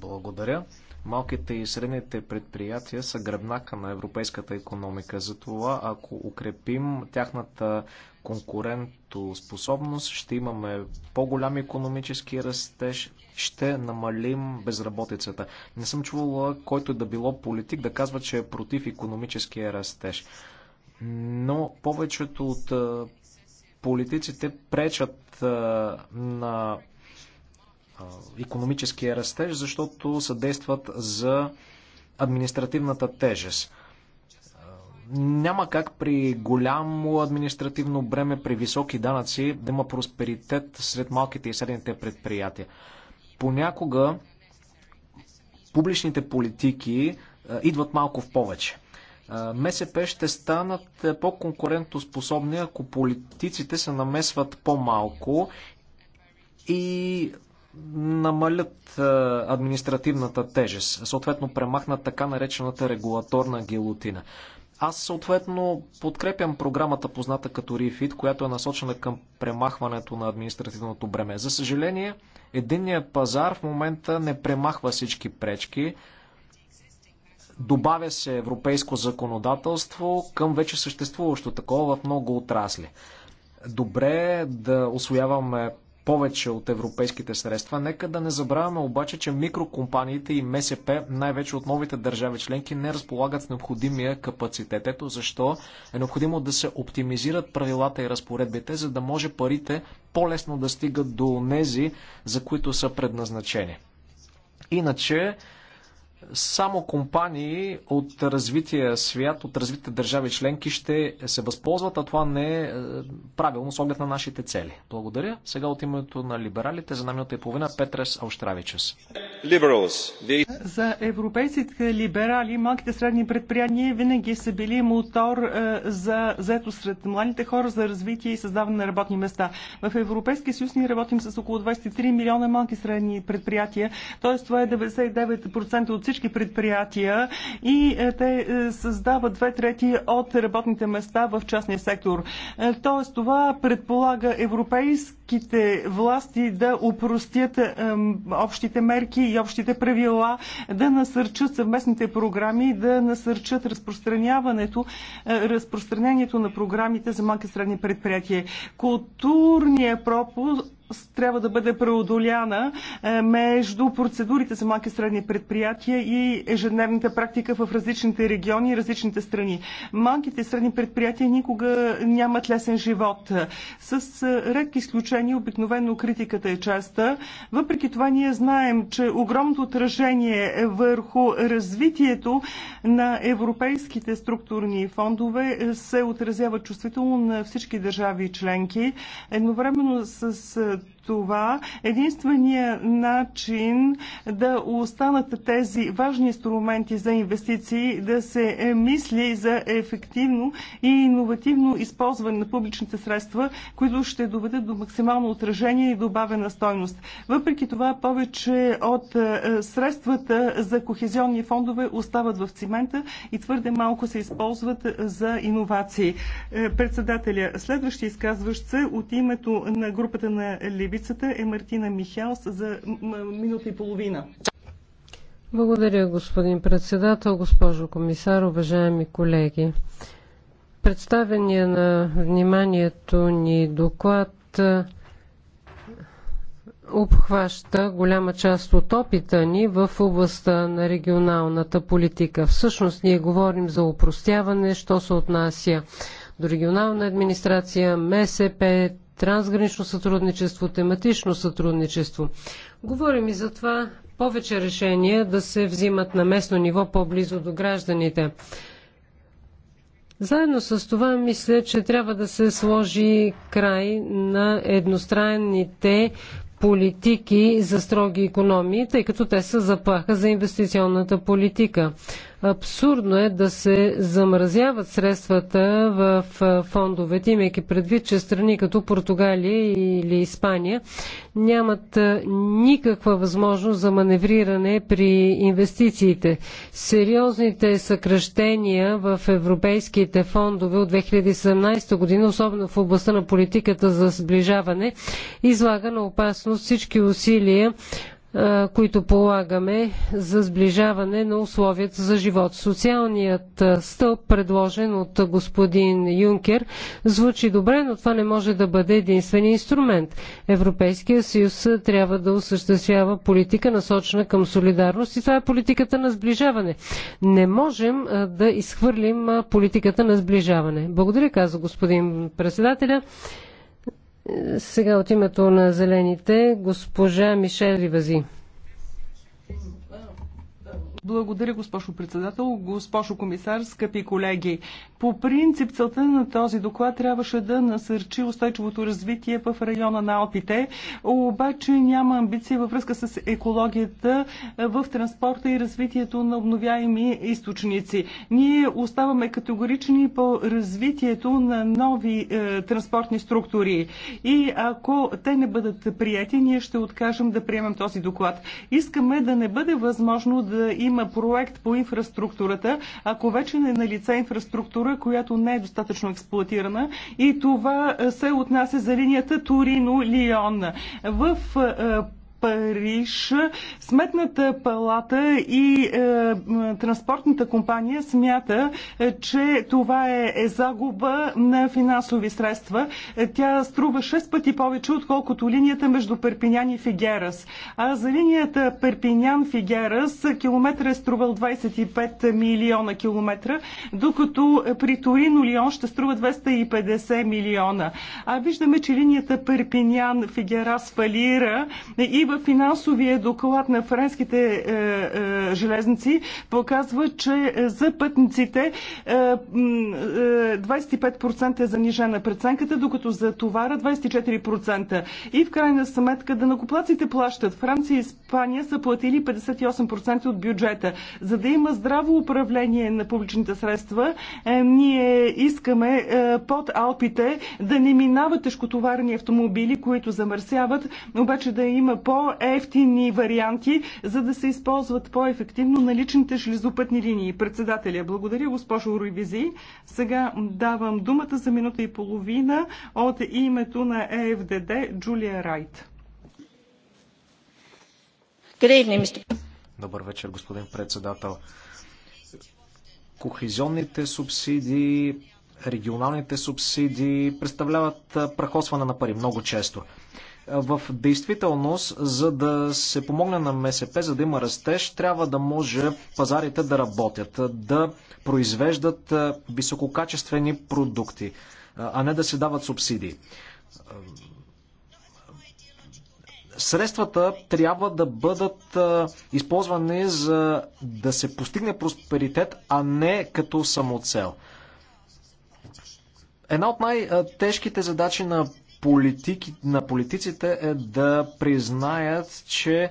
Благодаря. Малките и средните предприятия са гръбнака на европейската економика. Затова, ако укрепим тяхната конкурентоспособност, ще имаме по-голям економически растеж, ще намалим безработицата. Не съм чувала който да било политик да казва, че е против економическия растеж. Но повечето от политиците пречат на економическия растеж, защото съдействат за административната тежест. Няма как при голямо административно бреме, при високи данъци да има просперитет сред малките и средните предприятия. Понякога публичните политики идват малко в повече. МСП ще станат по-конкурентоспособни, ако политиците се намесват по-малко и намалят е, административната тежест, съответно премахнат така наречената регулаторна гилотина. Аз съответно подкрепям програмата, позната като REFIT, която е насочена към премахването на административното бреме. За съжаление, единният пазар в момента не премахва всички пречки. Добавя се европейско законодателство към вече съществуващо такова в много отрасли. Добре е да освояваме повече от европейските средства. Нека да не забравяме обаче, че микрокомпаниите и МСП, най-вече от новите държави членки, не разполагат с необходимия капацитет. Ето защо е необходимо да се оптимизират правилата и разпоредбите, за да може парите по-лесно да стигат до нези, за които са предназначени. Иначе само компании от развития свят, от развитите държави членки ще се възползват, а това не е, е правилно с оглед на нашите цели. Благодаря. Сега от името на либералите за минута и половина Петрес Аустравичес. За европейските либерали малките средни предприятия винаги са били мотор е, за заето сред младите хора за развитие и създаване на работни места. В Европейския съюз ние работим с около 23 милиона малки средни предприятия, т.е. това е 99% от всички предприятия и е, те е, създават две трети от работните места в частния сектор. Е, тоест това предполага европейските власти да упростят общите мерки и общите правила, да насърчат съвместните програми, да насърчат разпространяването, разпространението на програмите за малки и средни предприятия. Културният пропуск трябва да бъде преодоляна е, между процедурите за малки и средни предприятия и ежедневната практика в различните региони и различните страни. Малките и средни предприятия никога нямат лесен живот. С е, ред изключения обикновено критиката е часта. Въпреки това ние знаем, че огромното отражение е върху развитието на европейските структурни фондове се отразява чувствително на всички държави и членки. Едновременно с това единствения начин да останат тези важни инструменти за инвестиции да се мисли за ефективно и иновативно използване на публичните средства, които ще доведат до максимално отражение и добавена стойност. Въпреки това, повече от е, средствата за кохезионни фондове остават в цимента и твърде малко се използват за иновации. Е, председателя, следващия изказващ се от името на групата на левицата е Мартина Михелс за минута и половина. Благодаря, господин председател, госпожо комисар, уважаеми колеги. Представения на вниманието ни доклад обхваща голяма част от опита ни в областта на регионалната политика. Всъщност ние говорим за упростяване, що се отнася до регионална администрация, МСП, трансгранично сътрудничество, тематично сътрудничество. Говорим и за това повече решения да се взимат на местно ниво по-близо до гражданите. Заедно с това мисля, че трябва да се сложи край на едностранните политики за строги економии, тъй като те са заплаха за инвестиционната политика. Абсурдно е да се замразяват средствата в фондовете, имайки предвид, че страни като Португалия или Испания нямат никаква възможност за маневриране при инвестициите. Сериозните съкръщения в европейските фондове от 2017 година, особено в областта на политиката за сближаване, излага на опасност всички усилия които полагаме за сближаване на условията за живот. Социалният стълб, предложен от господин Юнкер, звучи добре, но това не може да бъде единствен инструмент. Европейския съюз трябва да осъществява политика насочена към солидарност и това е политиката на сближаване. Не можем да изхвърлим политиката на сближаване. Благодаря, каза господин председателя. Сега от името на зелените госпожа Мишел Ривази. Благодаря, госпожо председател, госпожо комисар, скъпи колеги. По принцип целта на този доклад трябваше да насърчи устойчивото развитие в района на Алпите, обаче няма амбиции във връзка с екологията в транспорта и развитието на обновяеми източници. Ние оставаме категорични по развитието на нови е, транспортни структури и ако те не бъдат прияти, ние ще откажем да приемем този доклад. Искаме да не бъде възможно да има има проект по инфраструктурата, ако вече не е на лице инфраструктура, която не е достатъчно експлуатирана и това е, се отнася за линията Торино-Лион. В е, Париж, Сметната палата и е, транспортната компания смята, е, че това е, е загуба на финансови средства. Е, тя струва 6 пъти повече, отколкото линията между Перпинян и Фигерас. А за линията Перпинян-Фигерас километър е струвал 25 милиона километра, докато при Торино-Лион ще струва 250 милиона. А виждаме, че линията Перпинян-Фигерас фалира и в финансовия доклад на френските е, е, железници показва, че е, за пътниците е, е, 25% е занижена преценката, докато за товара 24%. И в крайна сметка да накоплаците плащат. Франция и Испания са платили 58% от бюджета. За да има здраво управление на публичните средства, е, ние искаме е, под Алпите да не минават тежкотоварни автомобили, които замърсяват, обаче да има по по-ефтини варианти, за да се използват по-ефективно наличните железопътни линии. Председателя, благодаря госпожо Руйвизи. Сега давам думата за минута и половина от името на ЕФДД Джулия Райт. Добър вечер, господин председател. Кохезионните субсидии, регионалните субсидии представляват прахосване на пари много често в действителност, за да се помогне на МСП, за да има растеж, трябва да може пазарите да работят, да произвеждат висококачествени продукти, а не да се дават субсидии. Средствата трябва да бъдат използвани за да се постигне просперитет, а не като самоцел. Една от най-тежките задачи на политики, на политиците е да признаят, че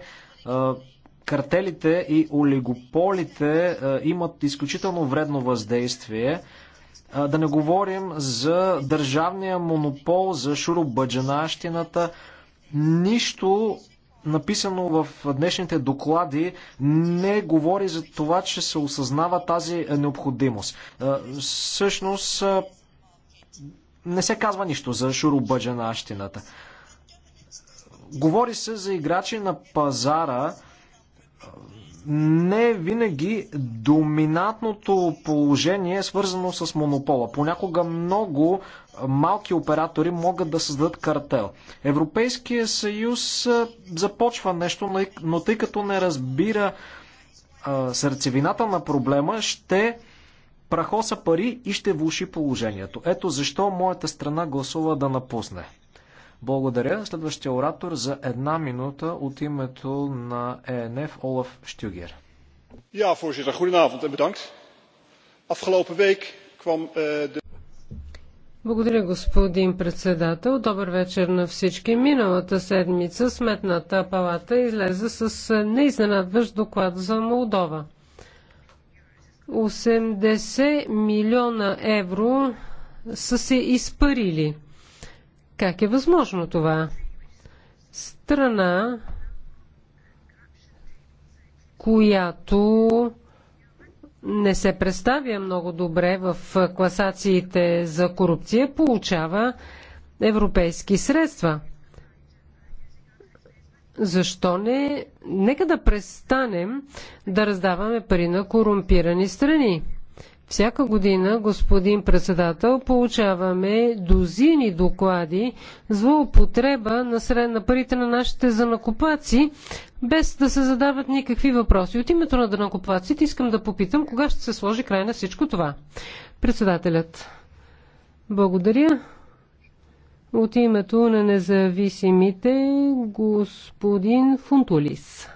картелите и олигополите имат изключително вредно въздействие. Да не говорим за държавния монопол, за шурубаджанащината. Нищо написано в днешните доклади не говори за това, че се осъзнава тази необходимост. Всъщност, не се казва нищо за шурубъджа на ащината. Говори се за играчи на пазара. Не е винаги доминантното положение е свързано с монопола. Понякога много малки оператори могат да създадат картел. Европейския съюз започва нещо, но тъй като не разбира сърцевината на проблема, ще прахоса пари и ще влуши положението. Ето защо моята страна гласува да напусне. Благодаря. Следващия оратор за една минута от името на ЕНФ Олаф Штюгер. Ja, voorzitter. Goedenavond en bedankt. Afgelopen week kwam eh, de... Благодаря, господин председател. Добър вечер на всички. Миналата седмица Сметната палата излезе с е, неизненадващ доклад за Молдова. 80 милиона евро са се изпарили. Как е възможно това? Страна, която не се представя много добре в класациите за корупция, получава европейски средства – защо не? Нека да престанем да раздаваме пари на корумпирани страни. Всяка година, господин председател, получаваме дозини доклади за употреба на, сред, на парите на нашите занакопаци, без да се задават никакви въпроси. От името на данакопаците искам да попитам кога ще се сложи край на всичко това. Председателят. Благодаря. От името на независимите господин Фунтулис.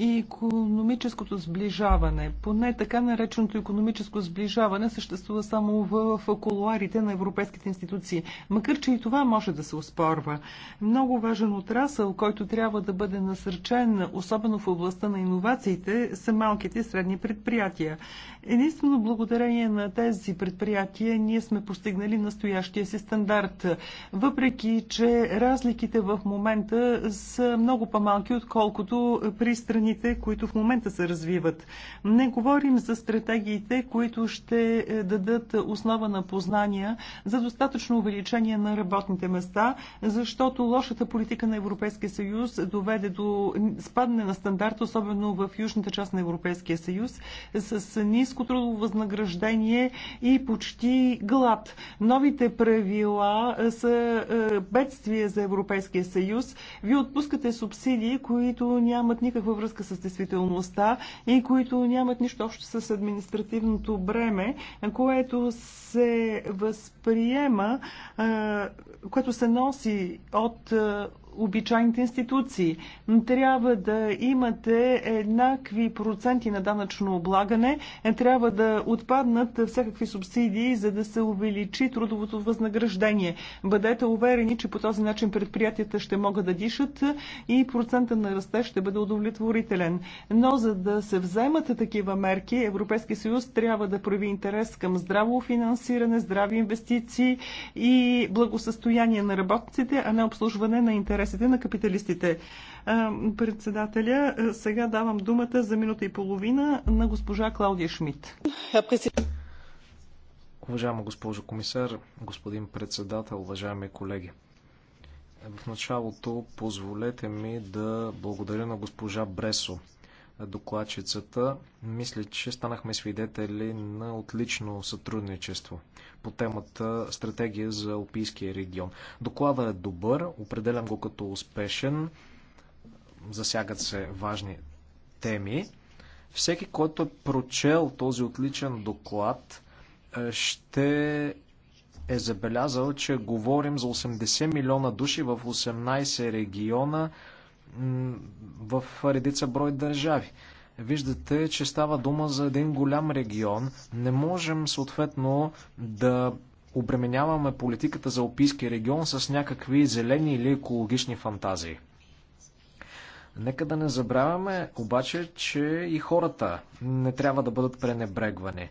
и економическото сближаване. Поне така нареченото економическо сближаване съществува само в колуарите на европейските институции. Макар, че и това може да се успорва. Много важен отрасъл, който трябва да бъде насърчен, особено в областта на иновациите, са малките и средни предприятия. Единствено благодарение на тези предприятия ние сме постигнали настоящия си стандарт. Въпреки, че разликите в момента са много по-малки, отколкото при страни техните, които в момента се развиват. Не говорим за стратегиите, които ще е, дадат основа на познания за достатъчно увеличение на работните места, защото лошата политика на Европейския съюз доведе до спадане на стандарт, особено в южната част на Европейския съюз, с ниско трудово възнаграждение и почти глад. Новите правила е, са е, бедствие за Европейския съюз. Вие отпускате субсидии, които нямат никаква връзка връзка с действителността и които нямат нищо общо с административното бреме, което се възприема, което се носи от обичайните институции. Трябва да имате еднакви проценти на данъчно облагане, трябва да отпаднат всякакви субсидии, за да се увеличи трудовото възнаграждение. Бъдете уверени, че по този начин предприятията ще могат да дишат и процента на расте ще бъде удовлетворителен. Но за да се вземат такива мерки, Европейски съюз трябва да прояви интерес към здраво финансиране, здрави инвестиции и благосъстояние на работниците, а не обслужване на интерес интересите на капиталистите. Председателя, сега давам думата за минута и половина на госпожа Клаудия Шмидт. Уважаема госпожо комисар, господин председател, уважаеми колеги. В началото позволете ми да благодаря на госпожа Бресо докладчицата, мисля, че станахме свидетели на отлично сътрудничество по темата Стратегия за Алпийския регион. Доклада е добър, определям го като успешен, засягат се важни теми. Всеки, който е прочел този отличен доклад, е, ще е забелязал, че говорим за 80 милиона души в 18 региона, в редица брой държави. Виждате, че става дума за един голям регион. Не можем съответно да обременяваме политиката за Опийски регион с някакви зелени или екологични фантазии. Нека да не забравяме обаче, че и хората не трябва да бъдат пренебрегвани.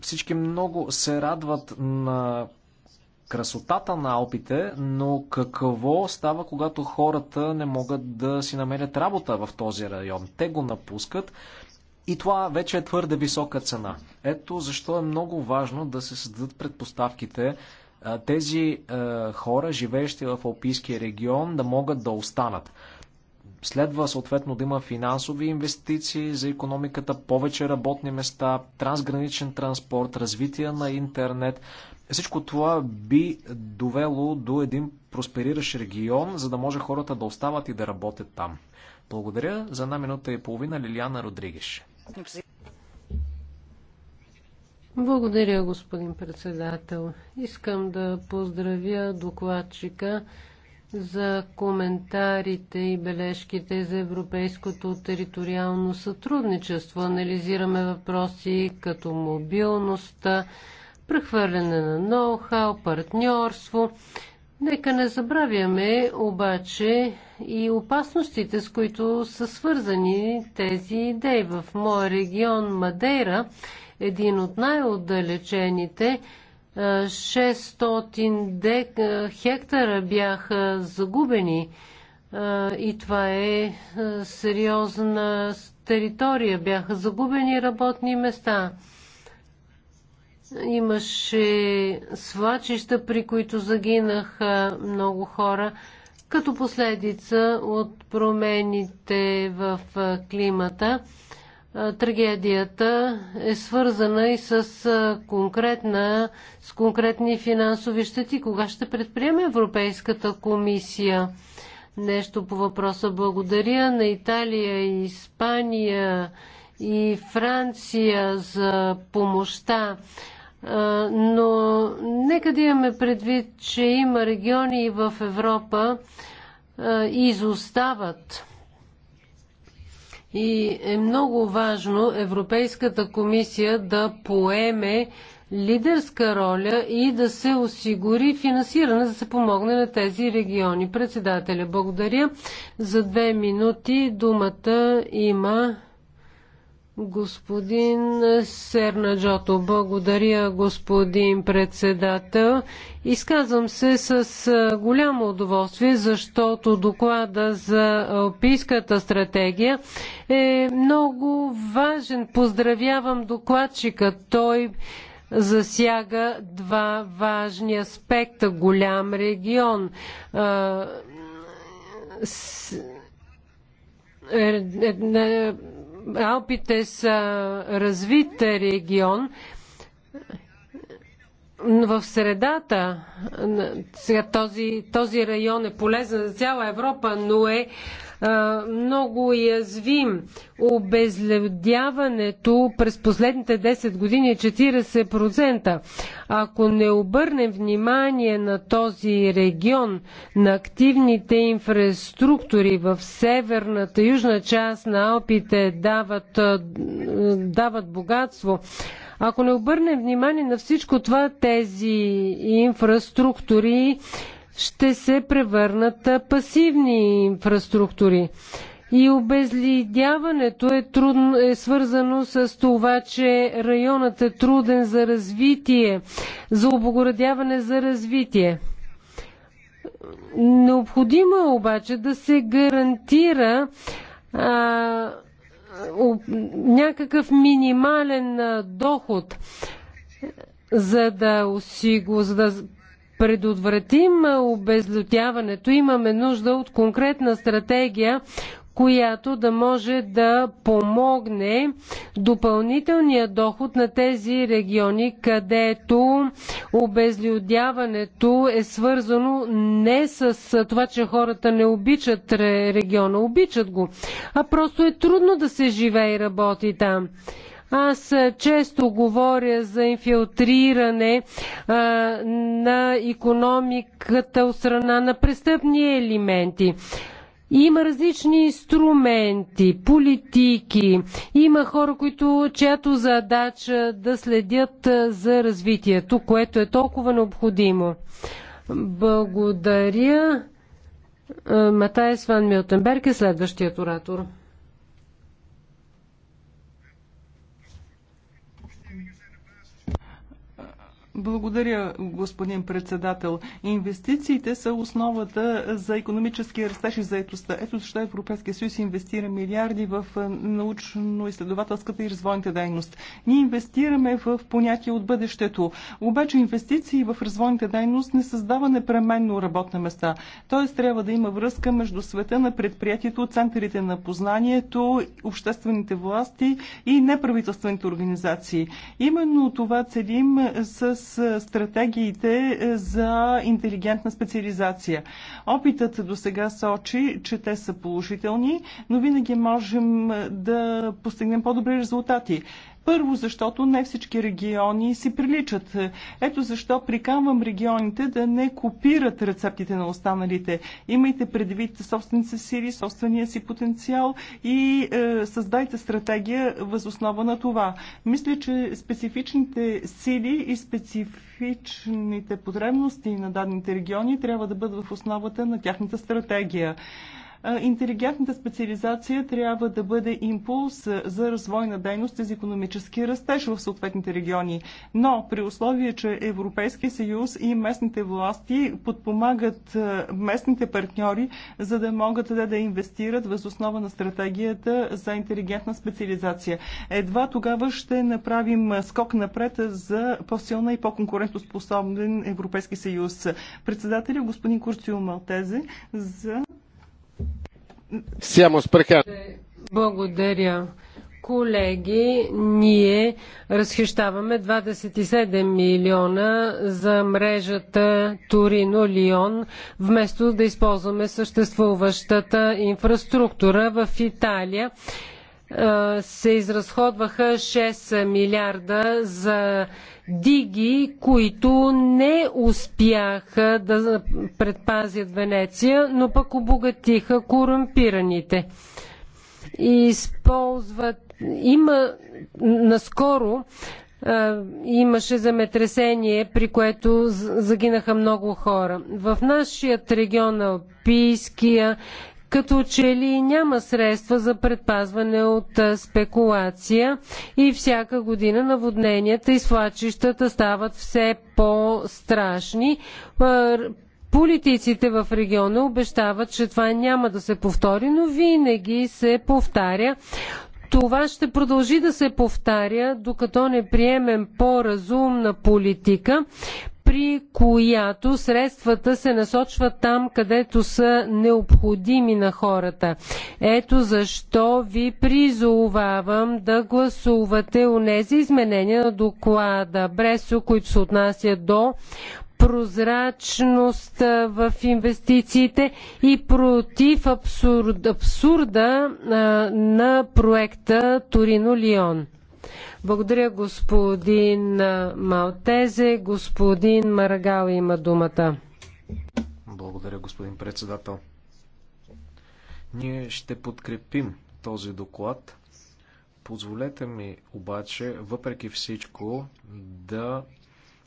Всички много се радват на красотата на Алпите, но какво става, когато хората не могат да си намерят работа в този район? Те го напускат и това вече е твърде висока цена. Ето защо е много важно да се създадат предпоставките тези е, хора, живеещи в Алпийския регион, да могат да останат. Следва съответно да има финансови инвестиции за економиката, повече работни места, трансграничен транспорт, развитие на интернет. Всичко това би довело до един проспериращ регион, за да може хората да остават и да работят там. Благодаря. За една минута и половина Лилиана Родригеш. Благодаря, господин председател. Искам да поздравя докладчика за коментарите и бележките за европейското териториално сътрудничество. Анализираме въпроси като мобилността, прехвърляне на ноу-хау, партньорство. Нека не забравяме обаче и опасностите, с които са свързани тези идеи. В моя регион Мадейра, един от най-отдалечените, 600 дек, хектара бяха загубени и това е сериозна територия. Бяха загубени работни места. Имаше свлачища, при които загинаха много хора, като последица от промените в климата. Трагедията е свързана и с, конкретна, с конкретни финансови щети. Кога ще предприеме Европейската комисия нещо по въпроса? Благодаря на Италия и Испания и Франция за помощта но нека да имаме предвид, че има региони в Европа и изостават. И е много важно Европейската комисия да поеме лидерска роля и да се осигури финансиране, за да се помогне на тези региони. Председателя, благодаря. За две минути думата има Господин Сернаджото, благодаря, господин председател. Изказвам се с голямо удоволствие, защото доклада за Алпийската стратегия е много важен. Поздравявам докладчика. Той засяга два важни аспекта. Голям регион е, е, е, Алпите са развит регион. В средата, сега този, този район е полезен за цяла Европа, но е много язвим. Обезлюдяването през последните 10 години е 40%. Ако не обърнем внимание на този регион, на активните инфраструктури в северната южна част на Алпите дават, дават богатство, ако не обърнем внимание на всичко това, тези инфраструктури ще се превърнат пасивни инфраструктури. И обезлидяването е, трудно, е свързано с това, че районът е труден за развитие, за обогородяване за развитие. Необходимо е обаче да се гарантира а, някакъв минимален доход, за да, осигу, за да предотвратим обезлютяването, имаме нужда от конкретна стратегия, която да може да помогне допълнителния доход на тези региони, където обезлюдяването е свързано не с това, че хората не обичат региона, обичат го, а просто е трудно да се живее и работи там. Аз често говоря за инфилтриране а, на економиката от страна на престъпни елементи. Има различни инструменти, политики, има хора, които, чиято задача да следят за развитието, което е толкова необходимо. Благодаря. Матайс Ван Милтенберг е следващият оратор. Благодаря, господин председател. Инвестициите са основата за економическия растеж и заетостта. Ето защо Европейския съюз инвестира милиарди в научно-изследователската и развойната дейност. Ние инвестираме в понятие от бъдещето. Обаче инвестиции в развойната дейност не създава непременно работна места. Тоест трябва да има връзка между света на предприятието, центърите на познанието, обществените власти и неправителствените организации. Именно това целим с с стратегиите е, за интелигентна специализация. Опитът до сега сочи, че те са положителни, но винаги можем е, да постигнем по-добри резултати. Първо, защото не всички региони си приличат. Ето защо приканвам регионите да не копират рецептите на останалите. Имайте предвид собствените сили, собствения си потенциал и е, създайте стратегия възоснова на това. Мисля, че специфичните сили и специфичните потребности на дадените региони трябва да бъдат в основата на тяхната стратегия. Интелигентната специализация трябва да бъде импулс за развойна дейност и за економически растеж в съответните региони. Но при условие, че Европейския съюз и местните власти подпомагат местните партньори, за да могат да, да инвестират въз основа на стратегията за интелигентна специализация. Едва тогава ще направим скок напред за по-силна и по-конкурентоспособен Европейски съюз. Председателя господин Курцио Малтезе за благодаря. Колеги, ние разхищаваме 27 милиона за мрежата Торино-Лион, вместо да използваме съществуващата инфраструктура в Италия е, се изразходваха 6 милиарда за диги, които не успяха да предпазят Венеция, но пък обогатиха корумпираните. И използват... Има наскоро е, имаше земетресение, при което загинаха много хора. В нашия регион Алпийския като че ли няма средства за предпазване от спекулация и всяка година наводненията и свлачищата стават все по-страшни. Политиците в региона обещават, че това няма да се повтори, но винаги се повтаря. Това ще продължи да се повтаря, докато не приемем по-разумна политика, при която средствата се насочват там, където са необходими на хората. Ето защо ви призовавам да гласувате у нези изменения на доклада Бресо, които се отнасят до прозрачност в инвестициите и против абсурда а, на проекта Торино-Лион. Благодаря господин Малтезе. Господин Марагал има думата. Благодаря господин председател. Ние ще подкрепим този доклад. Позволете ми обаче, въпреки всичко, да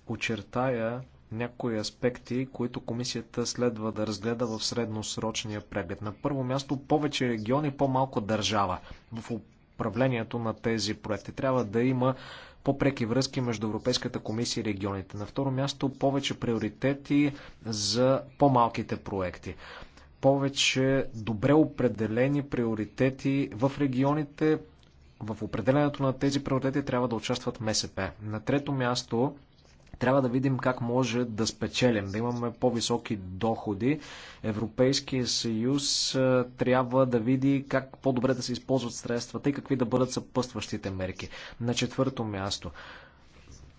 очертая някои аспекти, които комисията следва да разгледа в средносрочния преглед. На първо място повече региони, по-малко държава. В управлението на тези проекти. Трябва да има по-преки връзки между Европейската комисия и регионите. На второ място повече приоритети за по-малките проекти. Повече добре определени приоритети в регионите. В определенето на тези приоритети трябва да участват МСП. На трето място трябва да видим как може да спечелим, да имаме по-високи доходи. Европейския съюз трябва да види как по-добре да се използват средствата и какви да бъдат съпъстващите мерки. На четвърто място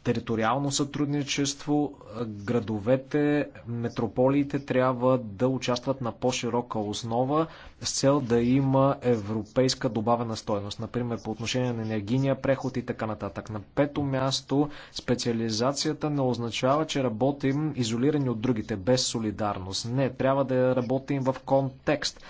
териториално сътрудничество, градовете, метрополиите трябва да участват на по-широка основа с цел да има европейска добавена стоеност, например по отношение на енергийния преход и така нататък. На пето място специализацията не означава, че работим изолирани от другите, без солидарност. Не, трябва да работим в контекст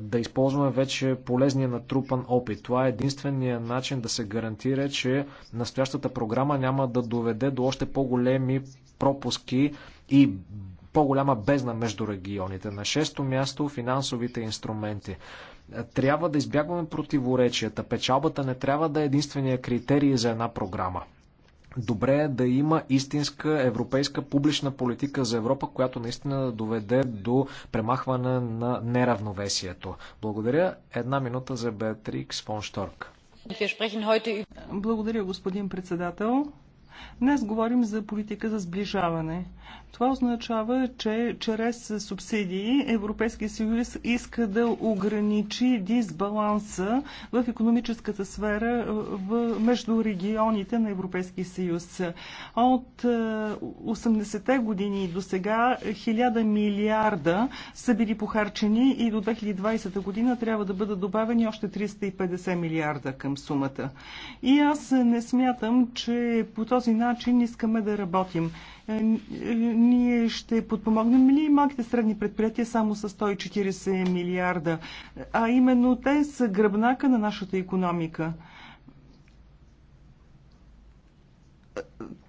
да използваме вече полезния натрупан опит. Това е единствения начин да се гарантира, че настоящата програма няма да доведе до още по-големи пропуски и по-голяма бездна между регионите. На шесто място финансовите инструменти. Трябва да избягваме противоречията. Печалбата не трябва да е единствения критерий за една програма. Добре е да има истинска европейска публична политика за Европа, която наистина да доведе до премахване на неравновесието. Благодаря. Една минута за Беатрикс фон Шторк. Благодаря, господин председател. Днес говорим за политика за сближаване. Това означава, че чрез субсидии Европейския съюз иска да ограничи дисбаланса в економическата сфера в, между регионите на Европейския съюз. От 80-те е, години до сега 1000 милиарда са били похарчени и до 2020 година трябва да бъдат добавени още 350 милиарда към сумата. И аз не смятам, че по този този начин искаме да работим. Е, е, ние ще подпомогнем ли малките средни предприятия само с 140 милиарда? А именно те са гръбнака на нашата економика.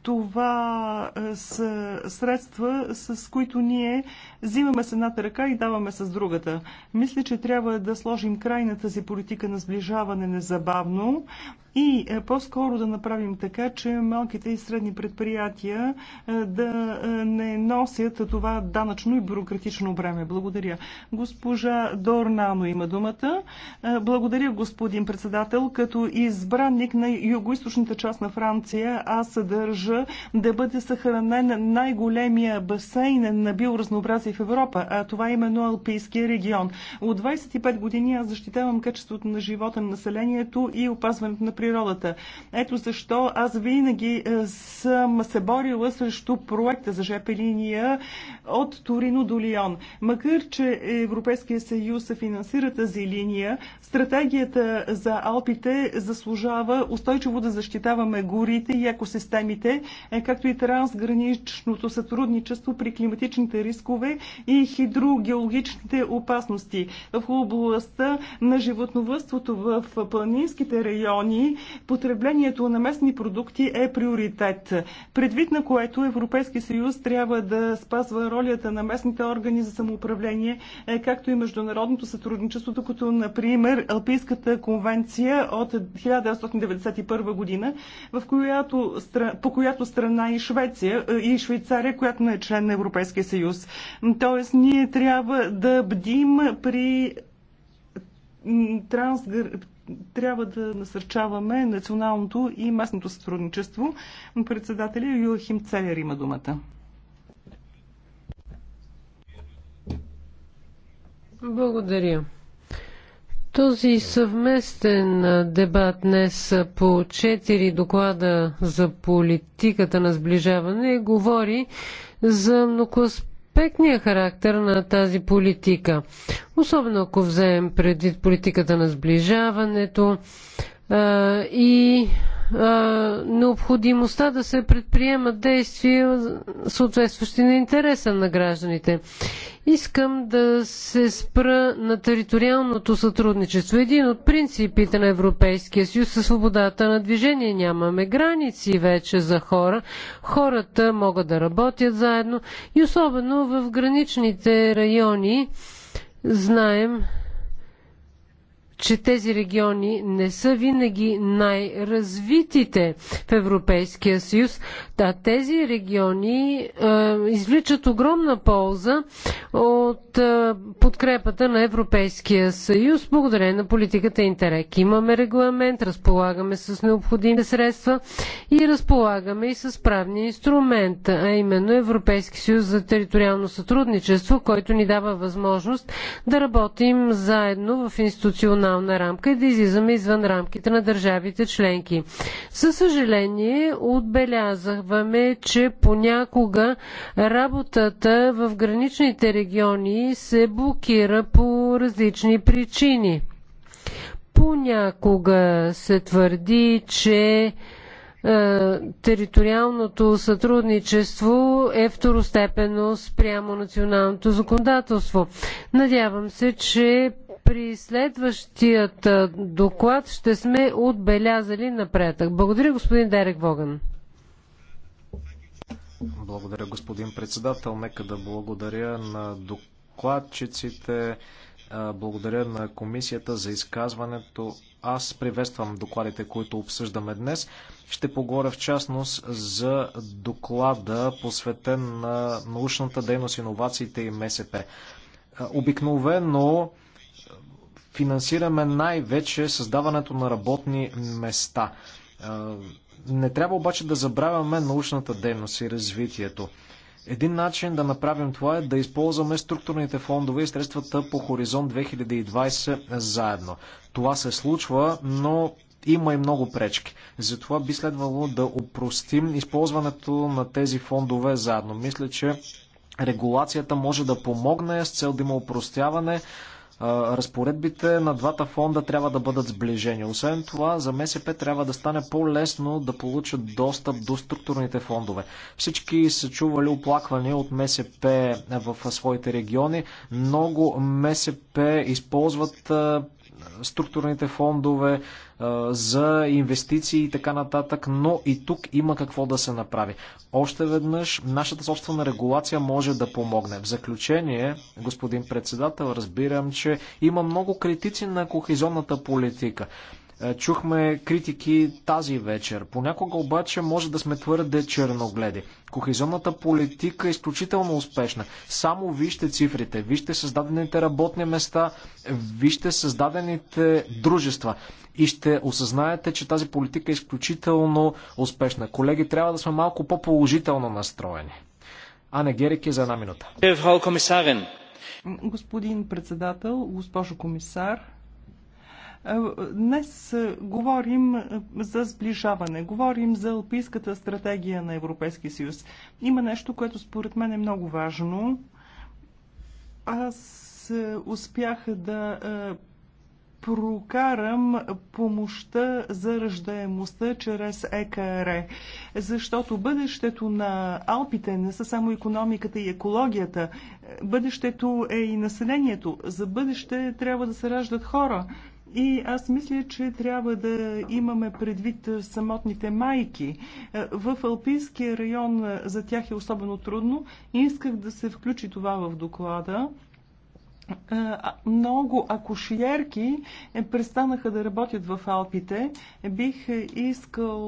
Това е, са средства, с които ние взимаме с едната ръка и даваме с другата. Мисля, че трябва да сложим край на тази политика на сближаване незабавно и е, по-скоро да направим така, че малките и средни предприятия е, да е, не носят това данъчно и бюрократично бреме. Благодаря. Госпожа Дорнано има думата. Благодаря, господин председател. Като избранник на югоизточната част на Франция, аз съдържа да бъде съхранен най-големия басейн на биоразнообразие в Европа, а това е именно Алпийския регион. От 25 години аз защитавам качеството на живота на населението и опазването на природата. Ето защо аз винаги е, съм се борила срещу проекта за ЖП линия от Торино до Лион. Макар, че Европейския съюз се финансира тази линия, стратегията за Алпите заслужава устойчиво да защитаваме горите и екосистемите, е, както и трансграничното сътрудничество при климатичните рискове и хидрогеологичните опасности. В областта на животновътството в планинските райони потреблението на местни продукти е приоритет. Предвид на което Европейски съюз трябва да спазва ролята на местните органи за самоуправление, е, както и международното сътрудничество, като например Алпийската конвенция от 1991 година, в която, по която страна и Швеция е, и Швейцария, която не е член на Европейския съюз. Тоест, ние трябва да бдим при трансгр трябва да насърчаваме националното и местното сътрудничество. Председателя Юлхим Целер има думата. Благодаря. Този съвместен дебат днес по четири доклада за политиката на сближаване говори за много аспектния характер на тази политика. Особено ако вземем предвид политиката на сближаването а, и необходимостта да се предприемат действия, съответстващи на интереса на гражданите. Искам да се спра на териториалното сътрудничество. Един от принципите на Европейския съюз е свободата на движение. Нямаме граници вече за хора. Хората могат да работят заедно и особено в граничните райони знаем, че тези региони не са винаги най-развитите в Европейския съюз. Да, тези региони е, извличат огромна полза от е, подкрепата на Европейския съюз, благодарение на политиката Интерек. Имаме регламент, разполагаме с необходимите средства и разполагаме и с правния инструмент, а именно Европейски съюз за териториално сътрудничество, който ни дава възможност да работим заедно в институционално национална рамка и да излизаме извън рамките на държавите членки. Със съжаление отбелязахме, че понякога работата в граничните региони се блокира по различни причини. Понякога се твърди, че е, териториалното сътрудничество е второстепенно спрямо националното законодателство. Надявам се, че при следващият доклад ще сме отбелязали напредък. Благодаря, господин Дерек Воган. Благодаря, господин председател. Нека да благодаря на докладчиците, благодаря на комисията за изказването. Аз приветствам докладите, които обсъждаме днес. Ще поговоря в частност за доклада, посветен на научната дейност, иновациите и МСП. Обикновено финансираме най-вече създаването на работни места. Не трябва обаче да забравяме научната дейност и развитието. Един начин да направим това е да използваме структурните фондове и средствата по Хоризонт 2020 заедно. Това се случва, но има и много пречки. Затова би следвало да упростим използването на тези фондове заедно. Мисля, че регулацията може да помогне с цел да има упростяване, разпоредбите на двата фонда трябва да бъдат сближени. Освен това, за МСП трябва да стане по-лесно да получат достъп до структурните фондове. Всички са чували оплаквания от МСП в своите региони. Много МСП използват структурните фондове, за инвестиции и така нататък, но и тук има какво да се направи. Още веднъж, нашата собствена регулация може да помогне. В заключение, господин председател, разбирам, че има много критици на кохезионната политика. Е, чухме критики тази вечер. Понякога обаче може да сме твърде черногледи. Кохезионната политика е изключително успешна. Само вижте цифрите, вижте създадените работни места, вижте създадените дружества и ще осъзнаете, че тази политика е изключително успешна. Колеги, трябва да сме малко по-положително настроени. Ане Герик, е за една минута. Е, Господин председател, госпожо комисар, е, днес е, говорим е, за сближаване, говорим за Алпийската стратегия на Европейския съюз. Има нещо, което според мен е много важно. Аз успях да прокарам помощта за ръждаемостта чрез ЕКР. Защото бъдещето на Алпите не са само економиката и екологията. Бъдещето е и населението. За бъдеще трябва да се раждат хора. И аз мисля, че трябва да имаме предвид самотните майки. В Алпийския район за тях е особено трудно. Исках да се включи това в доклада. Е, много акушиерки е, престанаха да работят в Алпите. Бих е, искал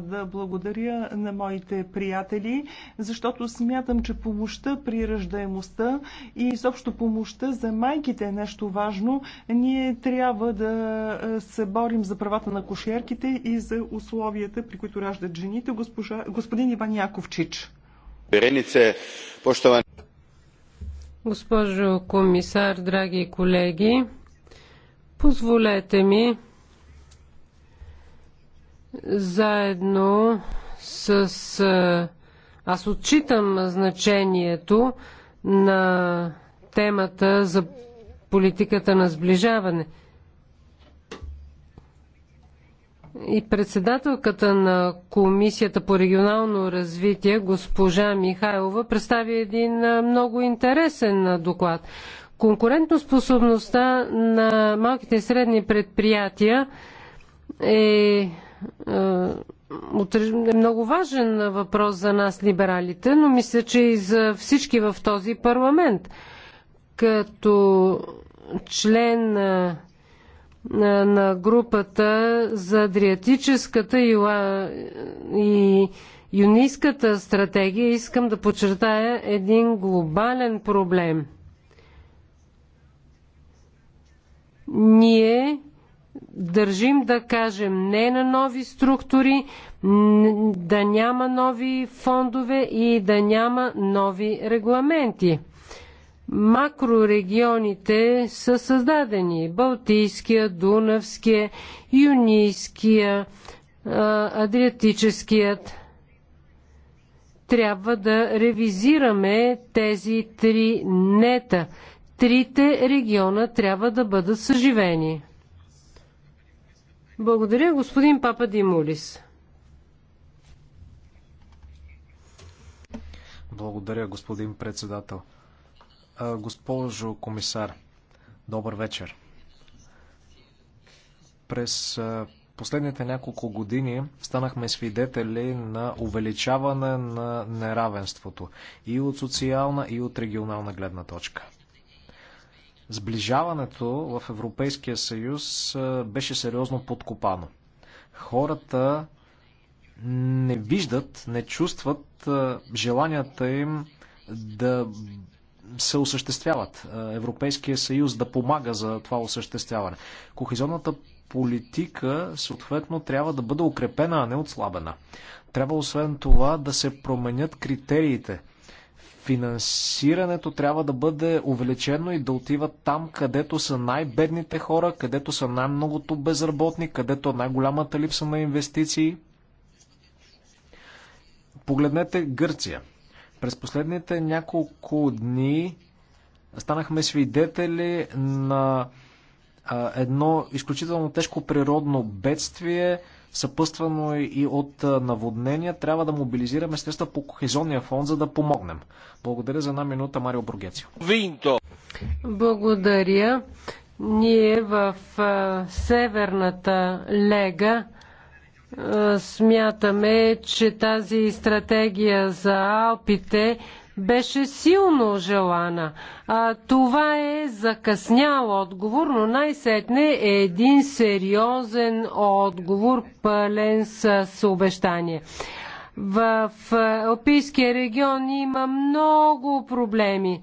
да благодаря на моите приятели, защото смятам, че помощта при ръждаемостта и изобщо помощта за майките е нещо важно. Ние трябва да се борим за правата на акушиерките и за условията, при които раждат жените. Госпожа, господин Иван Яковчич. Веренице, поштовани Госпожо комисар, драги колеги, позволете ми заедно с... Аз отчитам значението на темата за политиката на сближаване – и председателката на Комисията по регионално развитие, госпожа Михайлова, представи един много интересен доклад. Конкурентоспособността на малките и средни предприятия е е много важен въпрос за нас, либералите, но мисля, че и за всички в този парламент. Като член на групата за Адриатическата и Юнийската стратегия искам да подчертая един глобален проблем. Ние държим да кажем не на нови структури, да няма нови фондове и да няма нови регламенти макрорегионите са създадени. Балтийския, Дунавския, Юнийския, Адриатическият. Трябва да ревизираме тези три нета. Трите региона трябва да бъдат съживени. Благодаря, господин Папа Димулис. Благодаря, господин председател. Госпожо комисар, добър вечер. През последните няколко години станахме свидетели на увеличаване на неравенството и от социална, и от регионална гледна точка. Сближаването в Европейския съюз беше сериозно подкопано. Хората не виждат, не чувстват желанията им да се осъществяват. Е, Европейския съюз да помага за това осъществяване. Кохезионната политика съответно трябва да бъде укрепена, а не отслабена. Трябва освен това да се променят критериите. Финансирането трябва да бъде увеличено и да отива там, където са най-бедните хора, където са най-многото безработни, където е най-голямата липса на инвестиции. Погледнете Гърция – през последните няколко дни станахме свидетели на едно изключително тежко природно бедствие, съпъствано и от наводнения. Трябва да мобилизираме средства по кохезионния фонд, за да помогнем. Благодаря за една минута, Марио Бургецио. Винто! Благодаря. Ние в Северната лега е, смятаме, че тази стратегия за Алпите беше силно желана. А, това е закъснял отговор, но най-сетне е един сериозен отговор, пълен с обещание. В Алпийския регион има много проблеми.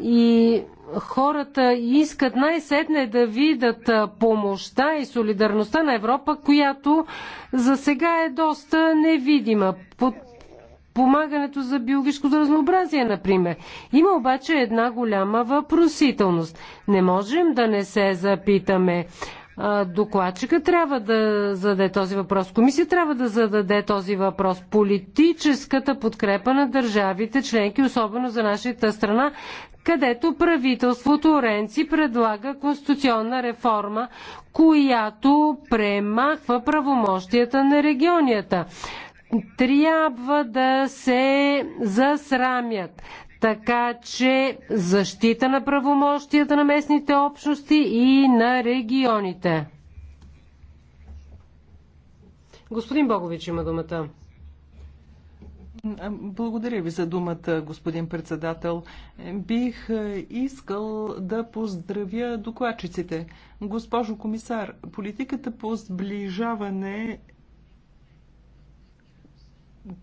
И хората искат най-сетне да видят помощта и солидарността на Европа, която за сега е доста невидима. Под помагането за биологическото разнообразие, например. Има обаче една голяма въпросителност. Не можем да не се запитаме, докладчика трябва да зададе този въпрос. Комисия трябва да зададе този въпрос. Политическата подкрепа на държавите членки, особено за нашата страна, където правителството Ренци предлага конституционна реформа, която премахва правомощията на регионията трябва да се засрамят. Така че защита на правомощията на местните общности и на регионите. Господин Богович има думата. Благодаря ви за думата, господин председател. Бих е, искал да поздравя докладчиците. Госпожо комисар, политиката по сближаване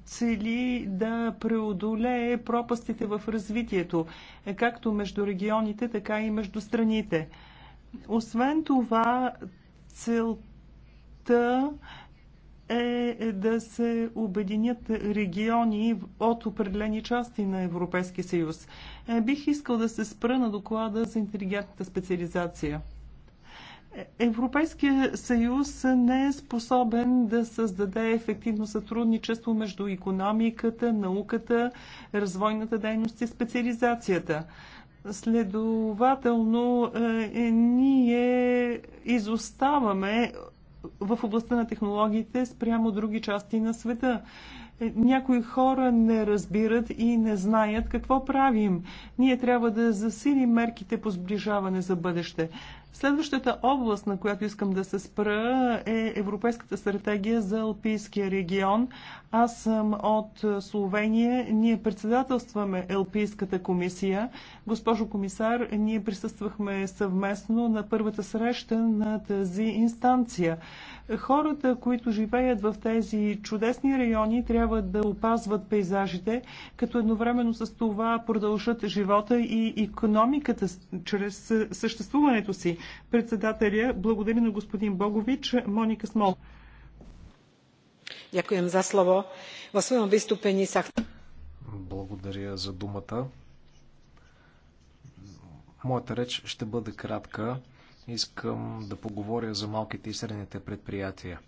цели да преодолее пропастите в развитието, както между регионите, така и между страните. Освен това, целта е да се обединят региони от определени части на Европейския съюз. Бих искал да се спра на доклада за интелигентната специализация. Европейския съюз не е способен да създаде ефективно сътрудничество между економиката, науката, развойната дейност и специализацията. Следователно, е, ние изоставаме в областта на технологиите спрямо други части на света. Е, някои хора не разбират и не знаят какво правим. Ние трябва да засилим мерките по сближаване за бъдеще. Следващата област, на която искам да се спра, е Европейската стратегия за Алпийския регион. Аз съм от Словения. Ние председателстваме Алпийската комисия. Госпожо комисар, ние присъствахме съвместно на първата среща на тази инстанция. Хората, които живеят в тези чудесни райони, трябва да опазват пейзажите, като едновременно с това продължат живота и економиката чрез съществуването си. Председателя благодари на господин Богович. Моника Смол. Дякуем за слово. В своем выступлении са... Благодаря за думата. Моята реч ще бъде кратка. Искам да поговоря за малките и средните предприятия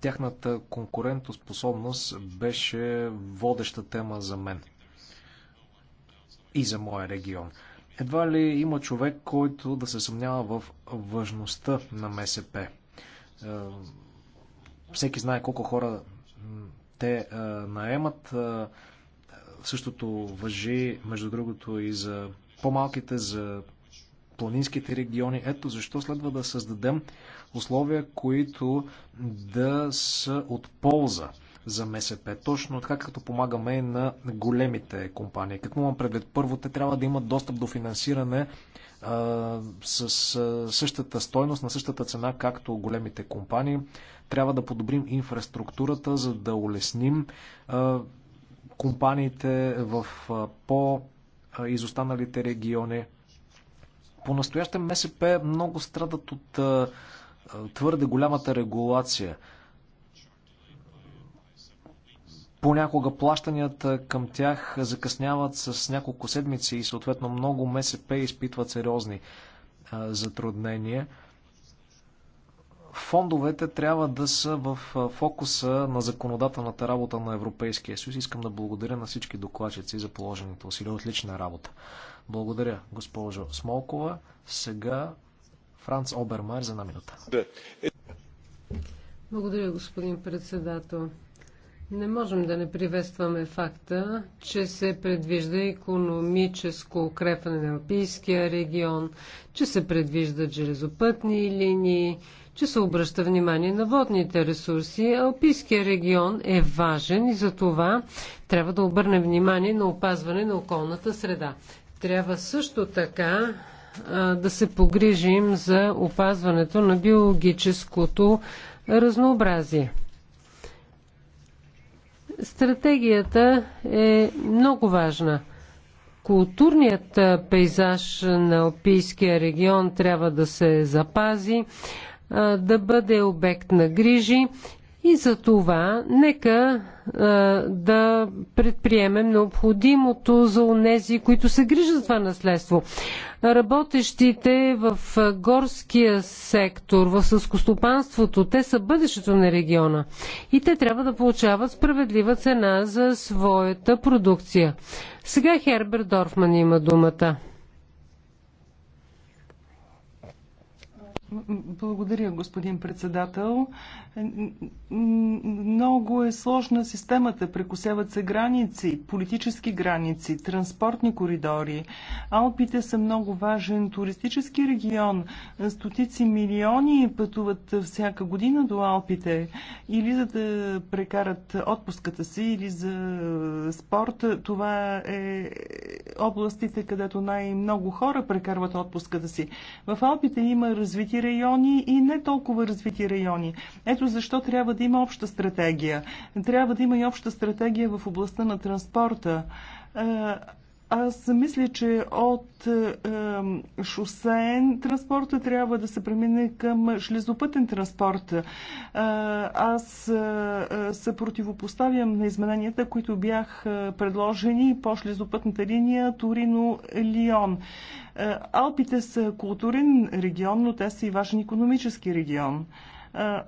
тяхната конкурентоспособност беше водеща тема за мен и за моя регион. Едва ли има човек, който да се съмнява в важността на МСП. Е, всеки знае колко хора те е, наемат. Е, същото въжи, между другото, и за по-малките, за планинските региони. Ето защо следва да създадем условия, които да са от полза за МСП. Точно така като помагаме на големите компании. Какво имам предвид, първо те трябва да имат достъп до финансиране а, с а, същата стойност, на същата цена, както големите компании. Трябва да подобрим инфраструктурата, за да улесним а, компаниите в а, по-изостаналите региони. По-настоящем МСП много страдат от а, твърде голямата регулация. Понякога плащанията към тях закъсняват с няколко седмици и съответно много МСП изпитват сериозни затруднения. Фондовете трябва да са в фокуса на законодателната работа на Европейския съюз. Искам да благодаря на всички докладчици за положените усилия. Отлична работа. Благодаря, госпожо Смолкова. Сега Франц Обермайер за една минута. Е, е. Благодаря, господин председател. Не можем да не приветстваме факта, че се предвижда економическо укрепване на Европейския регион, че се предвиждат железопътни линии, че се обръща внимание на водните ресурси. Алпийския регион е важен и за това трябва да обърнем внимание на опазване на околната среда. Трябва също така а, да се погрижим за опазването на биологическото разнообразие. Стратегията е много важна. Културният пейзаж на Алпийския регион трябва да се запази, да бъде обект на грижи и за това нека а, да предприемем необходимото за онези, които се грижат за това наследство. Работещите в горския сектор, в съскостопанството, те са бъдещето на региона. И те трябва да получават справедлива цена за своята продукция. Сега Хербер Дорфман има думата. Благодаря, господин председател. Много е сложна системата. Прекусяват се граници, политически граници, транспортни коридори. Алпите са много важен туристически регион. Стотици милиони пътуват всяка година до Алпите. Или за да прекарат отпуската си, или за спорт. Това е областите, където най-много хора прекарват отпуската си. В Алпите има развити райони и не толкова развити райони. Ето защо трябва да има обща стратегия. Трябва да има и обща стратегия в областта на транспорта е, аз мисля, че от е, шосеен транспорт трябва да се премине към шлезопътен транспорт. Е, аз е, се противопоставям на измененията, които бях е, предложени по шлезопътната линия Торино-Лион. Е, Алпите са културен регион, но те са и важен економически регион. Е,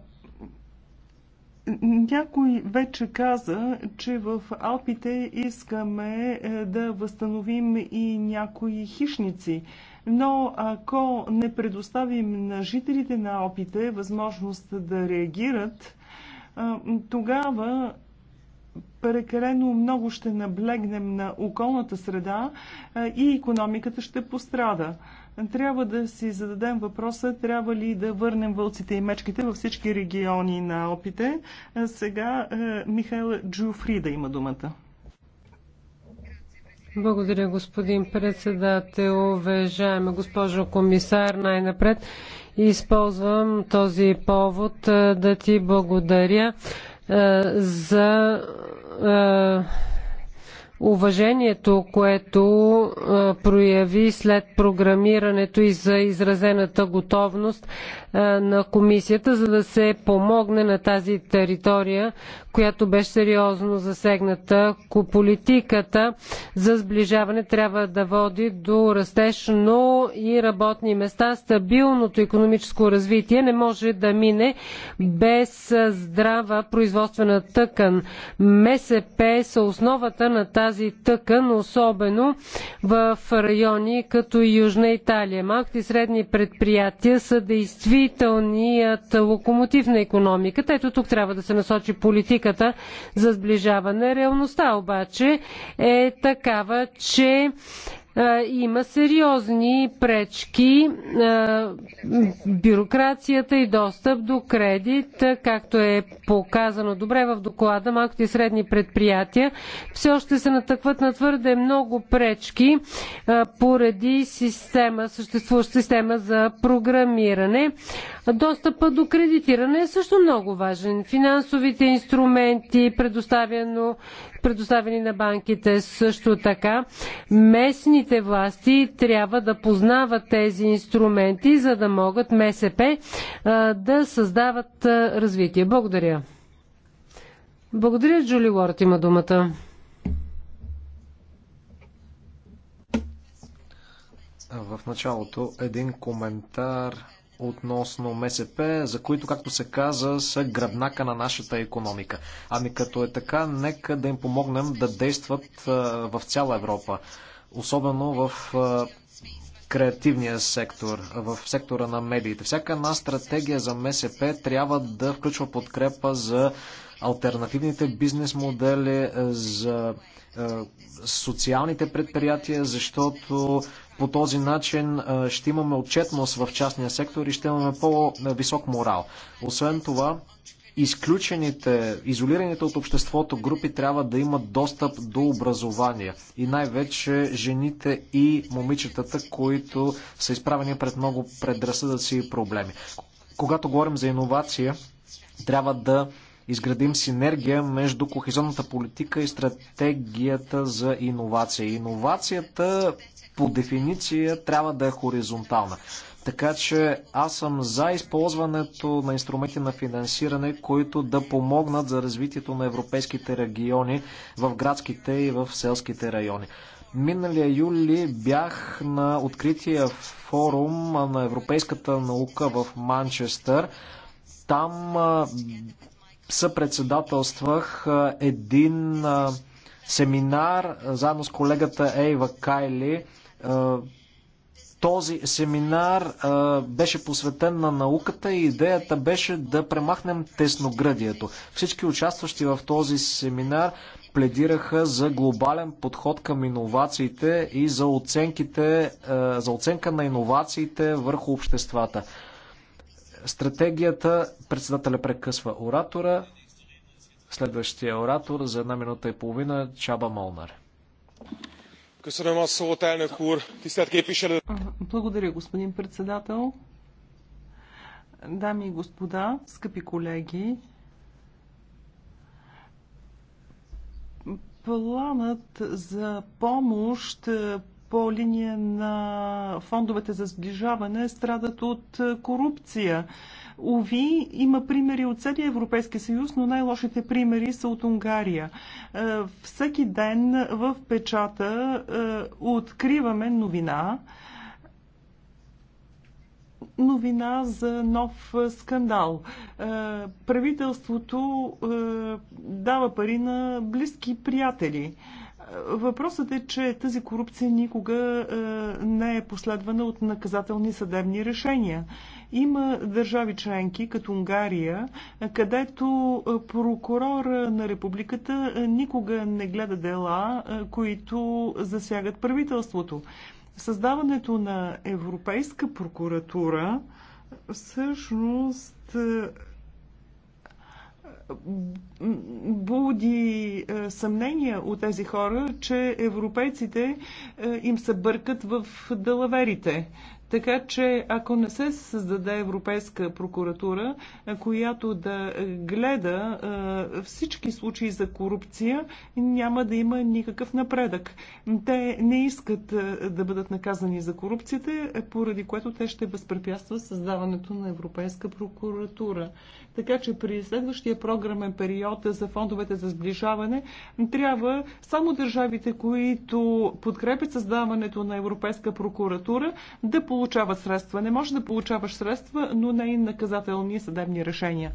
някой вече каза, че в Алпите искаме е, да възстановим и някои хищници. Но ако не предоставим на жителите на Алпите възможност да реагират, е, тогава прекалено много ще наблегнем на околната среда е, и економиката ще пострада трябва да си зададем въпроса, трябва ли да върнем вълците и мечките във всички региони на опите. Сега Михайла да има думата. Благодаря, господин председател. Уважаема госпожо комисар, най-напред използвам този повод да ти благодаря за уважението, което прояви след програмирането и за изразената готовност на комисията, за да се помогне на тази територия, която беше сериозно засегната. Политиката за сближаване трябва да води до растеж, но и работни места. Стабилното економическо развитие не може да мине без здрава производствена тъкан. МСП е са основата на тази тази тъкан, особено в райони като Южна Италия. Малките и средни предприятия са действителният локомотив на економиката. Ето тук трябва да се насочи политиката за сближаване. Реалността обаче е такава, че има сериозни пречки бюрокрацията и достъп до кредит, както е показано добре в доклада, малките и средни предприятия все още се натъкват на твърде много пречки поради система, съществуваща система за програмиране. Достъпа до кредитиране е също много важен. Финансовите инструменти, предоставяно предоставени на банките. Също така, местните власти трябва да познават тези инструменти, за да могат МСП да създават развитие. Благодаря. Благодаря, Джули Уорд има думата. В началото един коментар относно МСП, за които, както се каза, са гръбнака на нашата економика. Ами като е така, нека да им помогнем да действат в цяла Европа, особено в креативния сектор, в сектора на медиите. Всяка една стратегия за МСП трябва да включва подкрепа за альтернативните бизнес модели, за е, социалните предприятия, защото по този начин е, ще имаме отчетност в частния сектор и ще имаме по-висок морал. Освен това, изключените, изолираните от обществото групи трябва да имат достъп до образование. И най-вече жените и момичетата, които са изправени пред много предразсъдъци и проблеми. Когато говорим за иновация, трябва да изградим синергия между кохезионната политика и стратегията за иновация. Иновацията по дефиниция трябва да е хоризонтална. Така че аз съм за използването на инструменти на финансиране, които да помогнат за развитието на европейските региони в градските и в селските райони. Миналия юли бях на открития форум на европейската наука в Манчестър. Там съпредседателствах един семинар заедно с колегата Ейва Кайли. Този семинар беше посветен на науката и идеята беше да премахнем тесноградието. Всички участващи в този семинар пледираха за глобален подход към иновациите и за, оценките, за оценка на иновациите върху обществата. Стратегията, председателя прекъсва оратора, следващия оратор за една минута и половина, Чаба Молнар. Благодаря, господин председател. Дами и господа, скъпи колеги, планът за помощ по линия на фондовете за сближаване страдат от е, корупция. Ови, има примери от целия Европейски съюз, но най-лошите примери са от Унгария. Е, всеки ден в печата е, откриваме новина, новина за нов скандал. Правителството дава пари на близки приятели Въпросът е, че тази корупция никога е, не е последвана от наказателни съдебни решения. Има държави членки, като Унгария, където е, прокурор на републиката е, никога не гледа дела, които засягат правителството. Създаването на Европейска прокуратура всъщност буди е, съмнения от тези хора, че европейците е, им се бъркат в далаверите. Така че, ако не се създаде Европейска прокуратура, която да гледа всички случаи за корупция, няма да има никакъв напредък. Те не искат да бъдат наказани за корупцията, поради което те ще възпрепятстват създаването на Европейска прокуратура. Така че при следващия програмен период за фондовете за сближаване трябва само държавите, които подкрепят създаването на Европейска прокуратура, да получат получават средства. Не може да получаваш средства, но не и наказателни съдебни решения.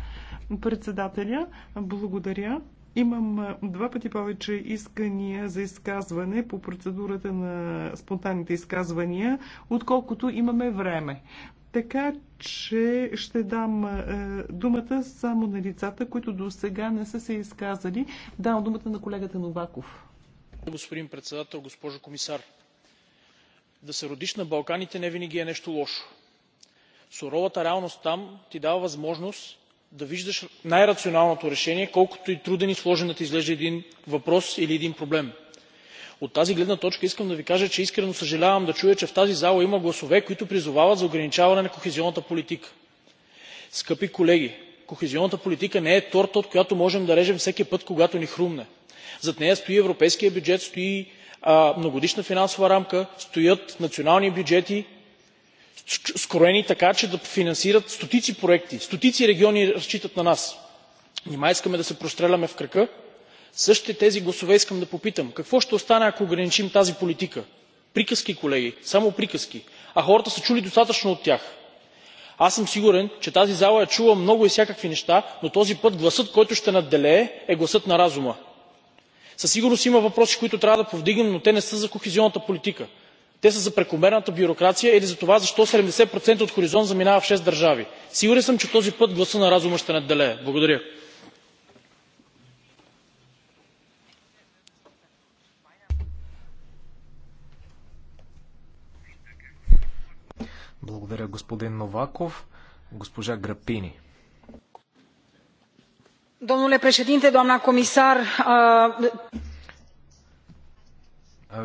Председателя, благодаря. Имам два пъти повече искания за изказване по процедурата на спонтанните изказвания, отколкото имаме време. Така че ще дам е, думата само на лицата, които до сега не са се изказали. Дам думата на колегата Новаков. Господин председател, госпожо комисар, да се родиш на Балканите не винаги е нещо лошо. Суровата реалност там ти дава възможност да виждаш най-рационалното решение, колкото и труден и сложен да ти изглежда един въпрос или един проблем. От тази гледна точка искам да ви кажа, че искрено съжалявам да чуя, че в тази зала има гласове, които призовават за ограничаване на кохезионната политика. Скъпи колеги, кохезионната политика не е торта, от която можем да режем всеки път, когато ни хрумне. Зад нея стои европейският бюджет, стои многогодишна финансова рамка стоят национални бюджети, скроени така, че да финансират стотици проекти. Стотици региони разчитат на нас. Нима искаме да се простреляме в кръка? Същите тези гласове искам да попитам. Какво ще остане, ако ограничим тази политика? Приказки, колеги, само приказки. А хората са чули достатъчно от тях. Аз съм сигурен, че тази зала е чула много и всякакви неща, но този път гласът, който ще надделее, е гласът на разума. Със сигурност има въпроси, които трябва да повдигнем, но те не са за кохезионната политика. Те са за прекомерната бюрокрация или за това защо 70% от Хоризонт заминава в шест държави. Сигурен съм, че този път гласът на разума ще надделее. Благодаря. Благодаря, господин Новаков. Госпожа Грапини. Domnule președinte, doamna комисар.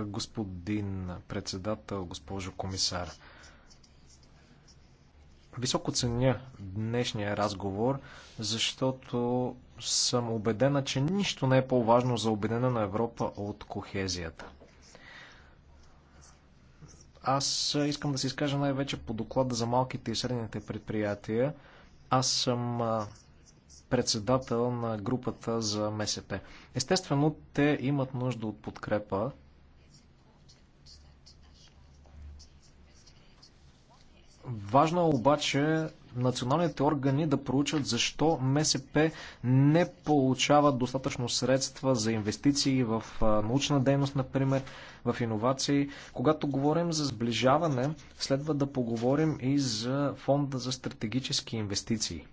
Господин председател, госпожо комисар, високо ценя днешния разговор, защото съм убедена, че нищо не е по-важно за обедена на Европа от кохезията. Аз искам да се изкажа най-вече по доклада за малките и средните предприятия. Аз съм председател на групата за МСП. Естествено, те имат нужда от подкрепа. Важно е обаче националните органи да проучат защо МСП не получават достатъчно средства за инвестиции в научна дейност, например, в иновации. Когато говорим за сближаване, следва да поговорим и за фонда за стратегически инвестиции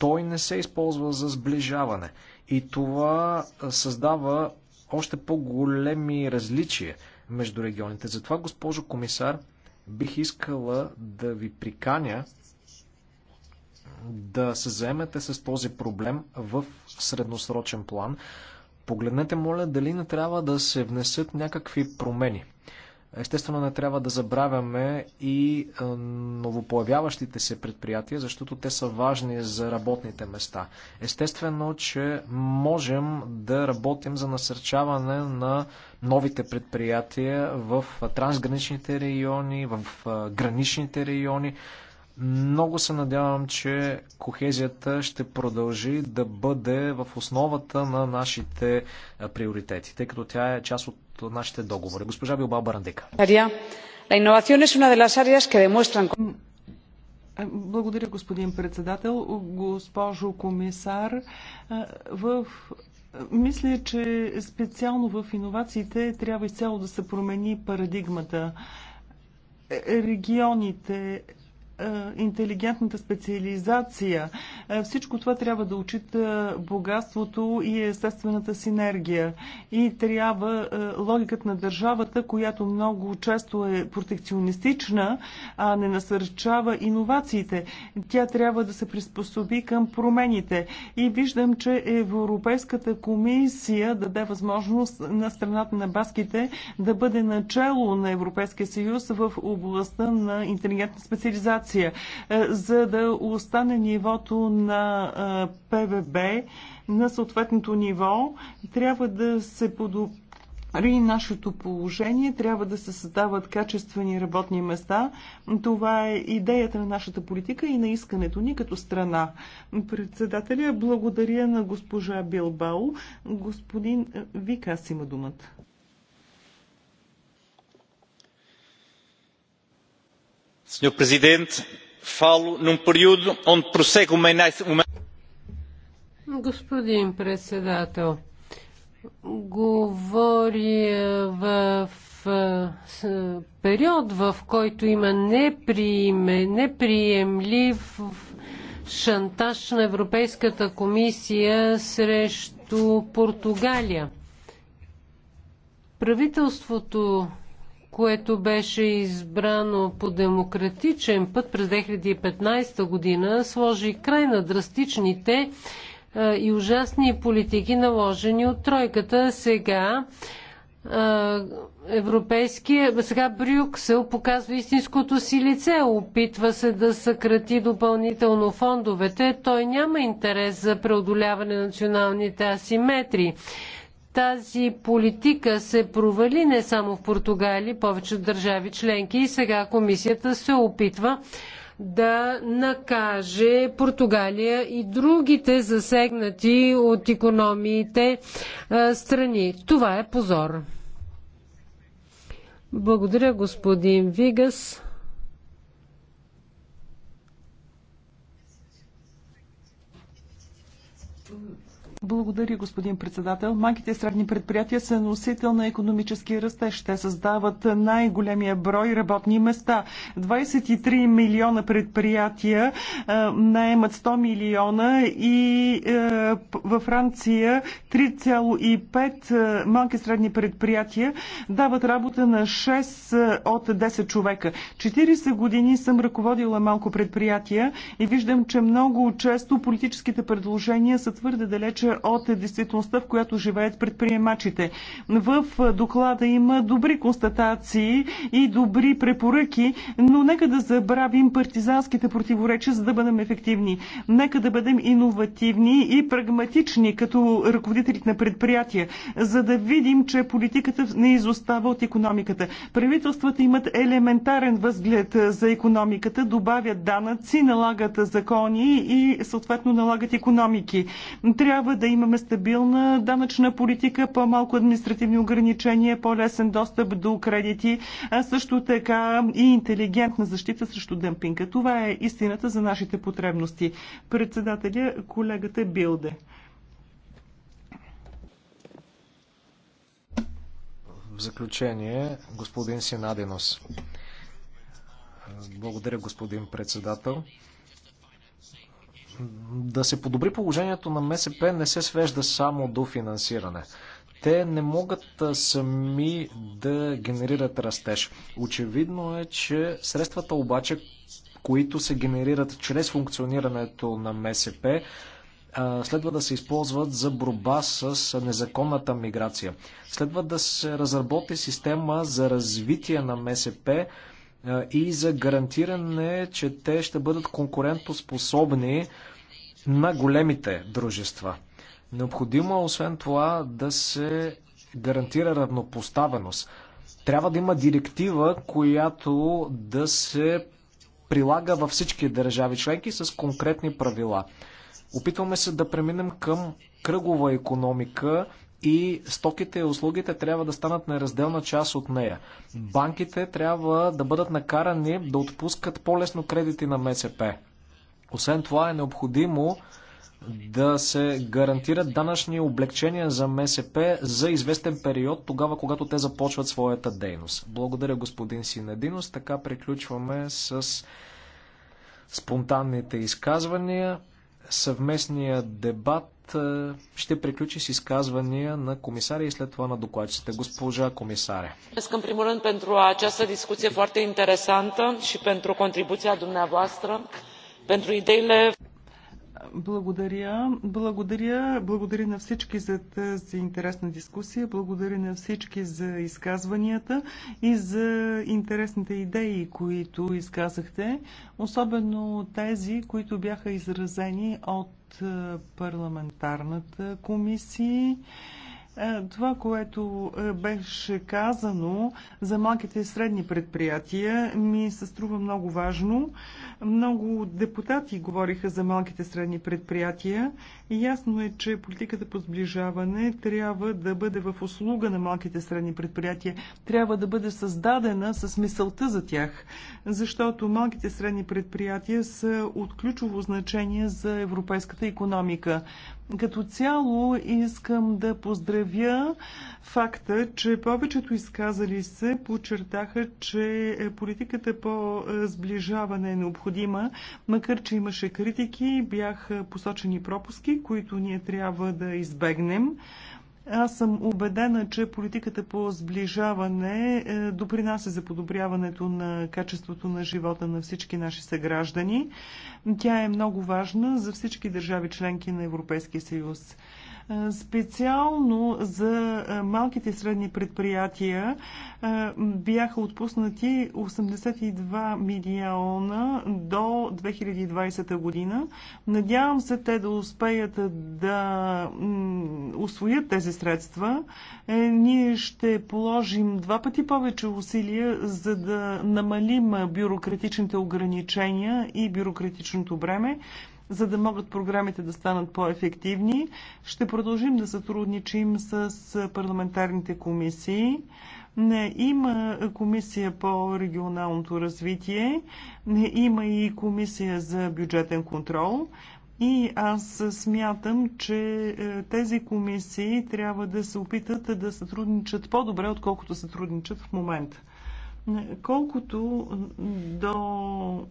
той не се използва за сближаване. И това създава още по-големи различия между регионите. Затова, госпожо комисар, бих искала да ви приканя да се заемете с този проблем в средносрочен план. Погледнете, моля, дали не трябва да се внесат някакви промени Естествено не трябва да забравяме и е, новопоявяващите се предприятия, защото те са важни за работните места. Естествено, че можем да работим за насърчаване на новите предприятия в е, трансграничните райони, в е, граничните райони. Много се надявам, че кохезията ще продължи да бъде в основата на нашите приоритети, тъй като тя е част от нашите договори. Госпожа Билба Барандека. Благодаря, господин председател. Госпожо комисар, в мисля, че специално в иновациите трябва изцяло да се промени парадигмата. Регионите, е, интелигентната специализация. Е, всичко това трябва да учита богатството и естествената синергия. И трябва е, логиката на държавата, която много често е протекционистична, а не насърчава иновациите. Тя трябва да се приспособи към промените. И виждам, че Европейската комисия даде възможност на страната на баските да бъде начало на Европейския съюз в областта на интелигентна специализация информация, е, за да остане нивото на е, ПВБ на съответното ниво. Трябва да се подобри нашето положение трябва да се създават качествени работни места. Това е идеята на нашата политика и на искането ни като страна. Председателя, благодаря на госпожа Билбао. Господин Викас има думата. Senhor Presidente, falo num período onde prossegue uma... Господин председател, говоря в период, в който има неприеме, неприемлив шантаж на Европейската комисия срещу Португалия. Правителството което беше избрано по демократичен път през 2015 година, сложи край на драстичните и ужасни политики, наложени от тройката. Сега Европейския, сега Брюксел показва истинското си лице, опитва се да съкрати допълнително фондовете. Той няма интерес за преодоляване на националните асиметрии. Тази политика се провали не само в Португалия, повече държави членки и сега комисията се опитва да накаже Португалия и другите засегнати от економиите страни. Това е позор. Благодаря, господин Вигас. Благодаря, господин председател. Малките и средни предприятия са носител на економически растеж. Те създават най-големия брой работни места. 23 милиона предприятия наемат 100 милиона и е, във Франция 3,5 малки и средни предприятия дават работа на 6 от 10 човека. 40 години съм ръководила малко предприятия и виждам, че много често политическите предложения са твърде далече далече от действителността, в която живеят предприемачите. В доклада има добри констатации и добри препоръки, но нека да забравим партизанските противоречия, за да бъдем ефективни. Нека да бъдем иновативни и прагматични като ръководителите на предприятия, за да видим, че политиката не изостава от економиката. Правителствата имат елементарен възглед за економиката, добавят данъци, налагат закони и съответно налагат економики. Трябва да имаме стабилна данъчна политика, по-малко административни ограничения, по-лесен достъп до кредити, а също така и интелигентна защита срещу демпинга. Това е истината за нашите потребности. Председателя, колегата Билде. В заключение, господин Синадинос. Благодаря, господин председател. Да се подобри положението на МСП не се свежда само до финансиране. Те не могат сами да генерират растеж. Очевидно е, че средствата обаче, които се генерират чрез функционирането на МСП, следва да се използват за борба с незаконната миграция. Следва да се разработи система за развитие на МСП и за гарантиране, че те ще бъдат конкурентоспособни на големите дружества. Необходимо е освен това да се гарантира равнопоставеност. Трябва да има директива, която да се прилага във всички държави членки с конкретни правила. Опитваме се да преминем към кръгова економика и стоките и услугите трябва да станат неразделна част от нея. Банките трябва да бъдат накарани да отпускат по-лесно кредити на МСП. Освен това е необходимо да се гарантират данъчни облегчения за МСП за известен период, тогава когато те започват своята дейност. Благодаря господин Синединос. Така приключваме с спонтанните изказвания. Съвместният дебат е, ще приключи с изказвания на комисаря и след това на докладчите. Госпожа комисаря. Искам în primul rând pentru această discuție foarte interesantă și pentru contribuția dumneavoastră pentru ideile благодаря. Благодаря. Благодаря на всички за тази интересна дискусия. Благодаря на всички за изказванията и за интересните идеи, които изказахте. Особено тези, които бяха изразени от е, парламентарната комисия. Е, това, което е, беше казано за малките и средни предприятия, ми се струва много важно. Много депутати говориха за малките и средни предприятия Ясно е, че политиката по сближаване трябва да бъде в услуга на малките средни предприятия, трябва да бъде създадена с мисълта за тях, защото малките средни предприятия са от ключово значение за европейската економика. Като цяло искам да поздравя факта, че повечето изказали се подчертаха, че политиката по сближаване е необходима, макар че имаше критики, бяха посочени пропуски, които ние трябва да избегнем. Аз съм убедена, че политиката по сближаване е, допринася за подобряването на качеството на живота на всички наши съграждани. Тя е много важна за всички държави членки на Европейския съюз. Специално за малките и средни предприятия бяха отпуснати 82 милиона до 2020 година. Надявам се те да успеят да освоят тези средства. Е, ние ще положим два пъти повече усилия, за да намалим бюрократичните ограничения и бюрократичното бреме за да могат програмите да станат по-ефективни. Ще продължим да сътрудничим с парламентарните комисии. Не, има комисия по регионалното развитие, не, има и комисия за бюджетен контрол. И аз смятам, че е, тези комисии трябва да се опитат да сътрудничат по-добре, отколкото сътрудничат в момента. Колкото до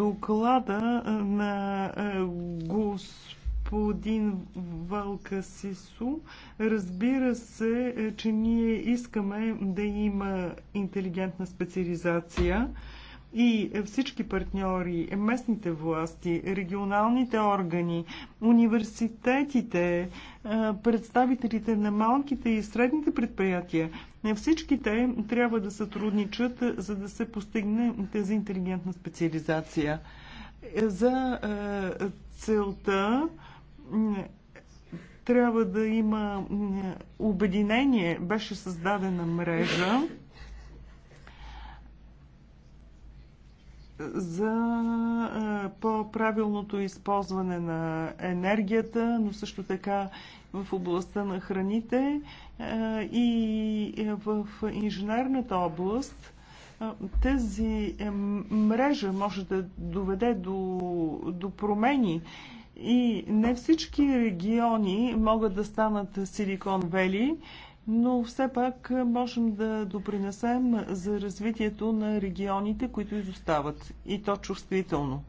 доклада на е, господин Валка Сису. Разбира се, е, че ние искаме да има интелигентна специализация и всички партньори, местните власти, регионалните органи, университетите, е, представителите на малките и средните предприятия, е, всички те трябва да сътрудничат, за да се постигне тази интелигентна специализация. Е, за целта трябва да има обединение. Беше създадена мрежа за е, по-правилното използване на енергията, но също така в областта на храните е, и в инженерната област. Е, Тази мрежа може да доведе до, до промени и не всички региони могат да станат Силикон Вели но все пак можем да допринесем за развитието на регионите, които изостават и то чувствително.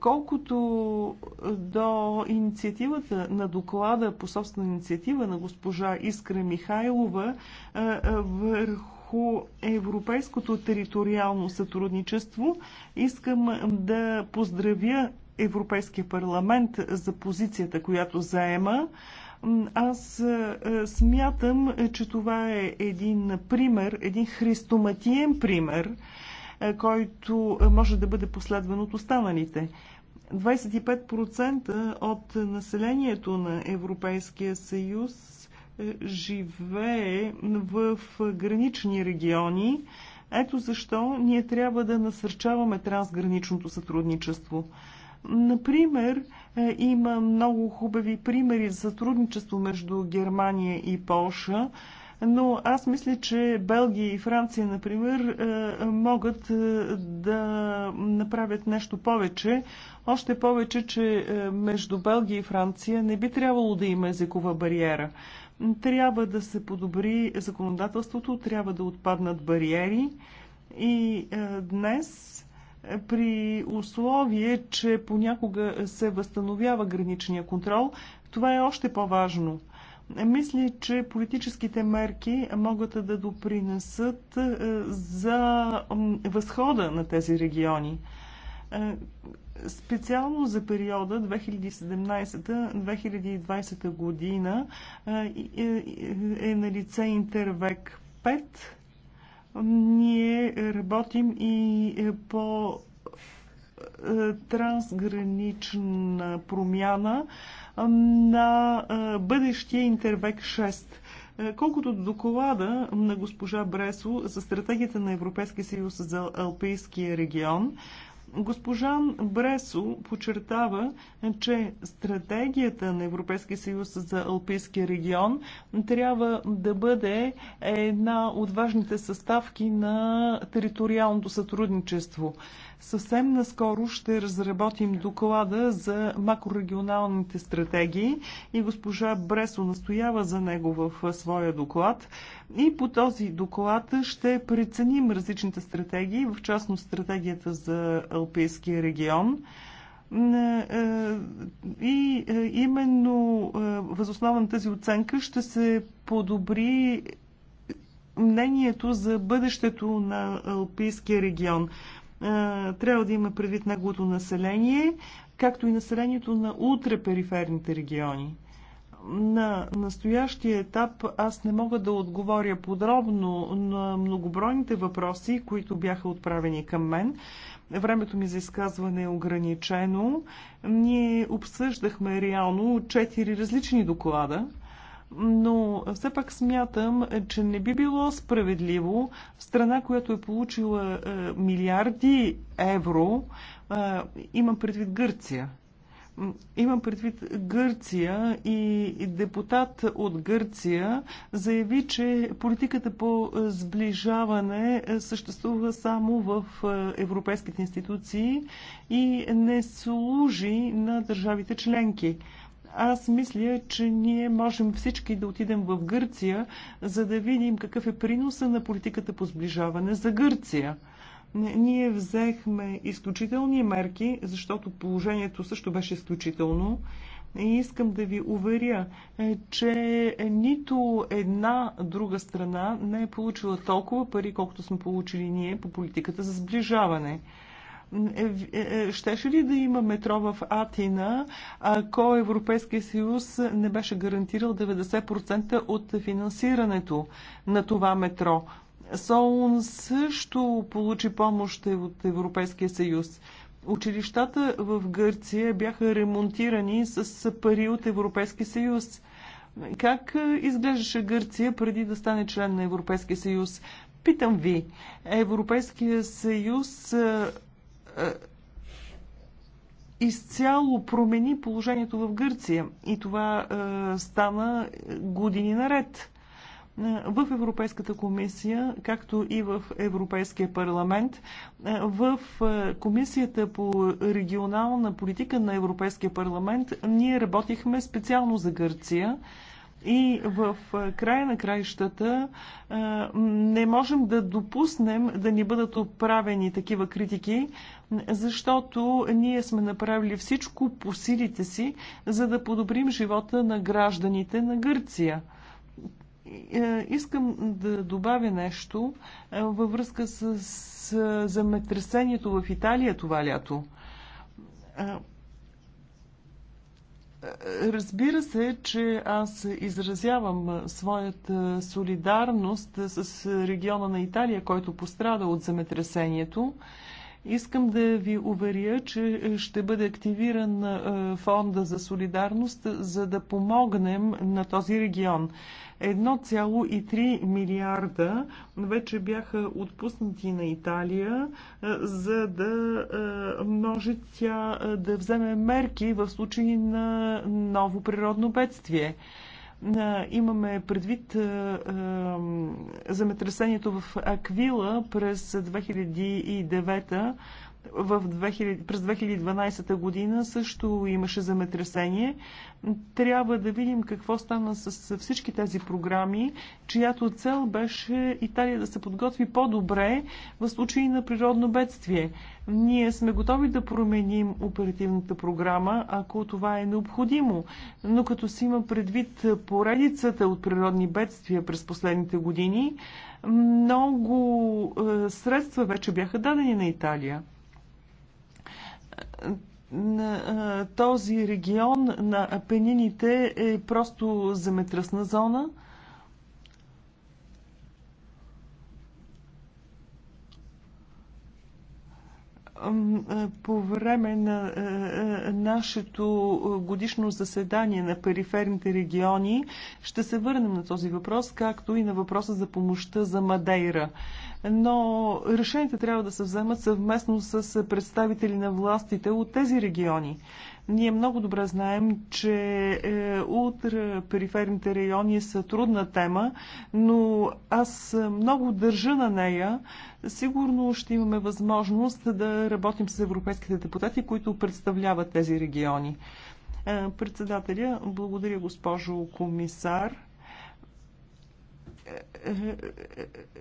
Колкото до инициативата на доклада по собствена инициатива на госпожа Искра Михайлова е, върху европейското териториално сътрудничество, искам да поздравя Европейския парламент за позицията, която заема. Аз е, е, смятам, е, че това е един пример, един христоматиен пример, който може да бъде последван от останалите. 25% от населението на Европейския съюз живее в гранични региони. Ето защо ние трябва да насърчаваме трансграничното сътрудничество. Например, е, има много хубави примери за сътрудничество между Германия и Полша, но аз мисля, че Белгия и Франция, например, е, могат е, да направят нещо повече. Още повече, че между Белгия и Франция не би трябвало да има езикова бариера. Трябва да се подобри законодателството, трябва да отпаднат бариери. И днес при условие, че понякога се възстановява граничния контрол, това е още по-важно. Мисля, че политическите мерки могат да допринесат е, за възхода на тези региони. Е, специално за периода 2017-2020 година е, е на лице Интервек 5 ние работим и е, по е, трансгранична промяна е, на бъдещия Интервек 6. Колкото до доклада на госпожа Бресо за стратегията на Европейския съюз за Алпийския регион, Госпожа Бресо подчертава, че стратегията на Европейския съюз за Алпийския регион трябва да бъде една от важните съставки на териториалното сътрудничество. Съвсем наскоро ще разработим доклада за макрорегионалните стратегии и госпожа Бресо настоява за него в своя доклад. И по този доклад ще преценим различните стратегии, в частност стратегията за Алпийския регион. И именно възоснова на тази оценка ще се подобри мнението за бъдещето на Алпийския регион. Е, трябва да има предвид неговото население, както и населението на ултрапериферните региони. На настоящия етап аз не мога да отговоря подробно на многобройните въпроси, които бяха отправени към мен. Времето ми за изказване е ограничено. Ние обсъждахме реално четири различни доклада но все пак смятам, че не би било справедливо страна, която е получила е, милиарди евро, е, имам предвид Гърция. Имам предвид Гърция и депутат от Гърция заяви, че политиката по сближаване съществува само в е, европейските институции и не служи на държавите членки. Аз мисля, че ние можем всички да отидем в Гърция, за да видим какъв е приноса на политиката по сближаване за Гърция. Ние взехме изключителни мерки, защото положението също беше изключително. И искам да ви уверя, е, че нито една друга страна не е получила толкова пари, колкото сме получили ние по политиката за сближаване. Е, е, е, щеше ли да има метро в Атина, ако Европейския съюз не беше гарантирал 90% от финансирането на това метро? Солун също получи помощ от Европейския съюз. Училищата в Гърция бяха ремонтирани с пари от Европейския съюз. Как изглеждаше Гърция преди да стане член на Европейския съюз? Питам ви, Европейския съюз е, изцяло промени положението в Гърция. И това е, стана години наред. Е, в Европейската комисия, както и в Европейския парламент, е, в Комисията по регионална политика на Европейския парламент ние работихме специално за Гърция и в края на краищата не можем да допуснем да ни бъдат отправени такива критики, защото ние сме направили всичко по силите си, за да подобрим живота на гражданите на Гърция. Искам да добавя нещо във връзка с земетресението в Италия това лято Разбира се, че аз изразявам своята солидарност с региона на Италия, който пострада от земетресението. Искам да ви уверя, че е, ще бъде активиран е, фонда за солидарност, за да помогнем на този регион. 1,3 милиарда вече бяха отпуснати на Италия, е, за да може тя да вземе мерки в случай на ново природно бедствие. Имаме предвид земетресението в Аквила през 2009 в 2000, през 2012 година също имаше земетресение. Трябва да видим какво стана с всички тези програми, чиято цел беше Италия да се подготви по-добре в случай на природно бедствие. Ние сме готови да променим оперативната програма, ако това е необходимо. Но като си има предвид поредицата от природни бедствия през последните години, много е, средства вече бяха дадени на Италия на този регион на Апенините е просто земетръсна зона. По време на нашето годишно заседание на периферните региони ще се върнем на този въпрос, както и на въпроса за помощта за Мадейра но решенията трябва да се вземат съвместно с представители на властите от тези региони. Ние много добре знаем, че е, утре периферните райони са трудна тема, но аз много държа на нея. Сигурно ще имаме възможност да работим с европейските депутати, които представляват тези региони. Е, председателя, благодаря госпожо комисар.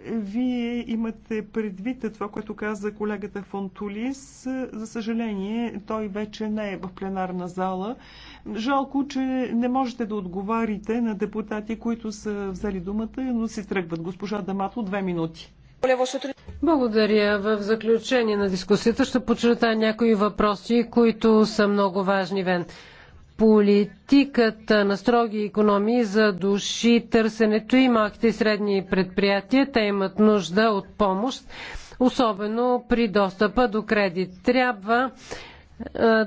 Вие имате предвид това, което каза колегата Фонтулис. За съжаление, той вече не е в пленарна зала. Жалко, че не можете да отговарите на депутати, които са взели думата, но си тръгват. Госпожа Дамато, две минути. Благодаря. В заключение на дискусията ще подчертая някои въпроси, които са много важни, Вен. Политиката на строги економии души, търсенето и малките и средни предприятия. Те имат нужда от помощ, особено при достъпа до кредит. Трябва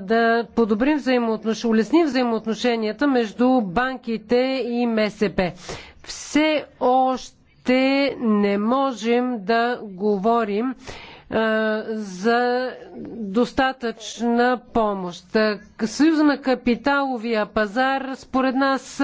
да подобрим взаимоотнош... улесним взаимоотношенията между банките и МСП. Все още не можем да говорим за достатъчна помощ. Съюза на капиталовия пазар според нас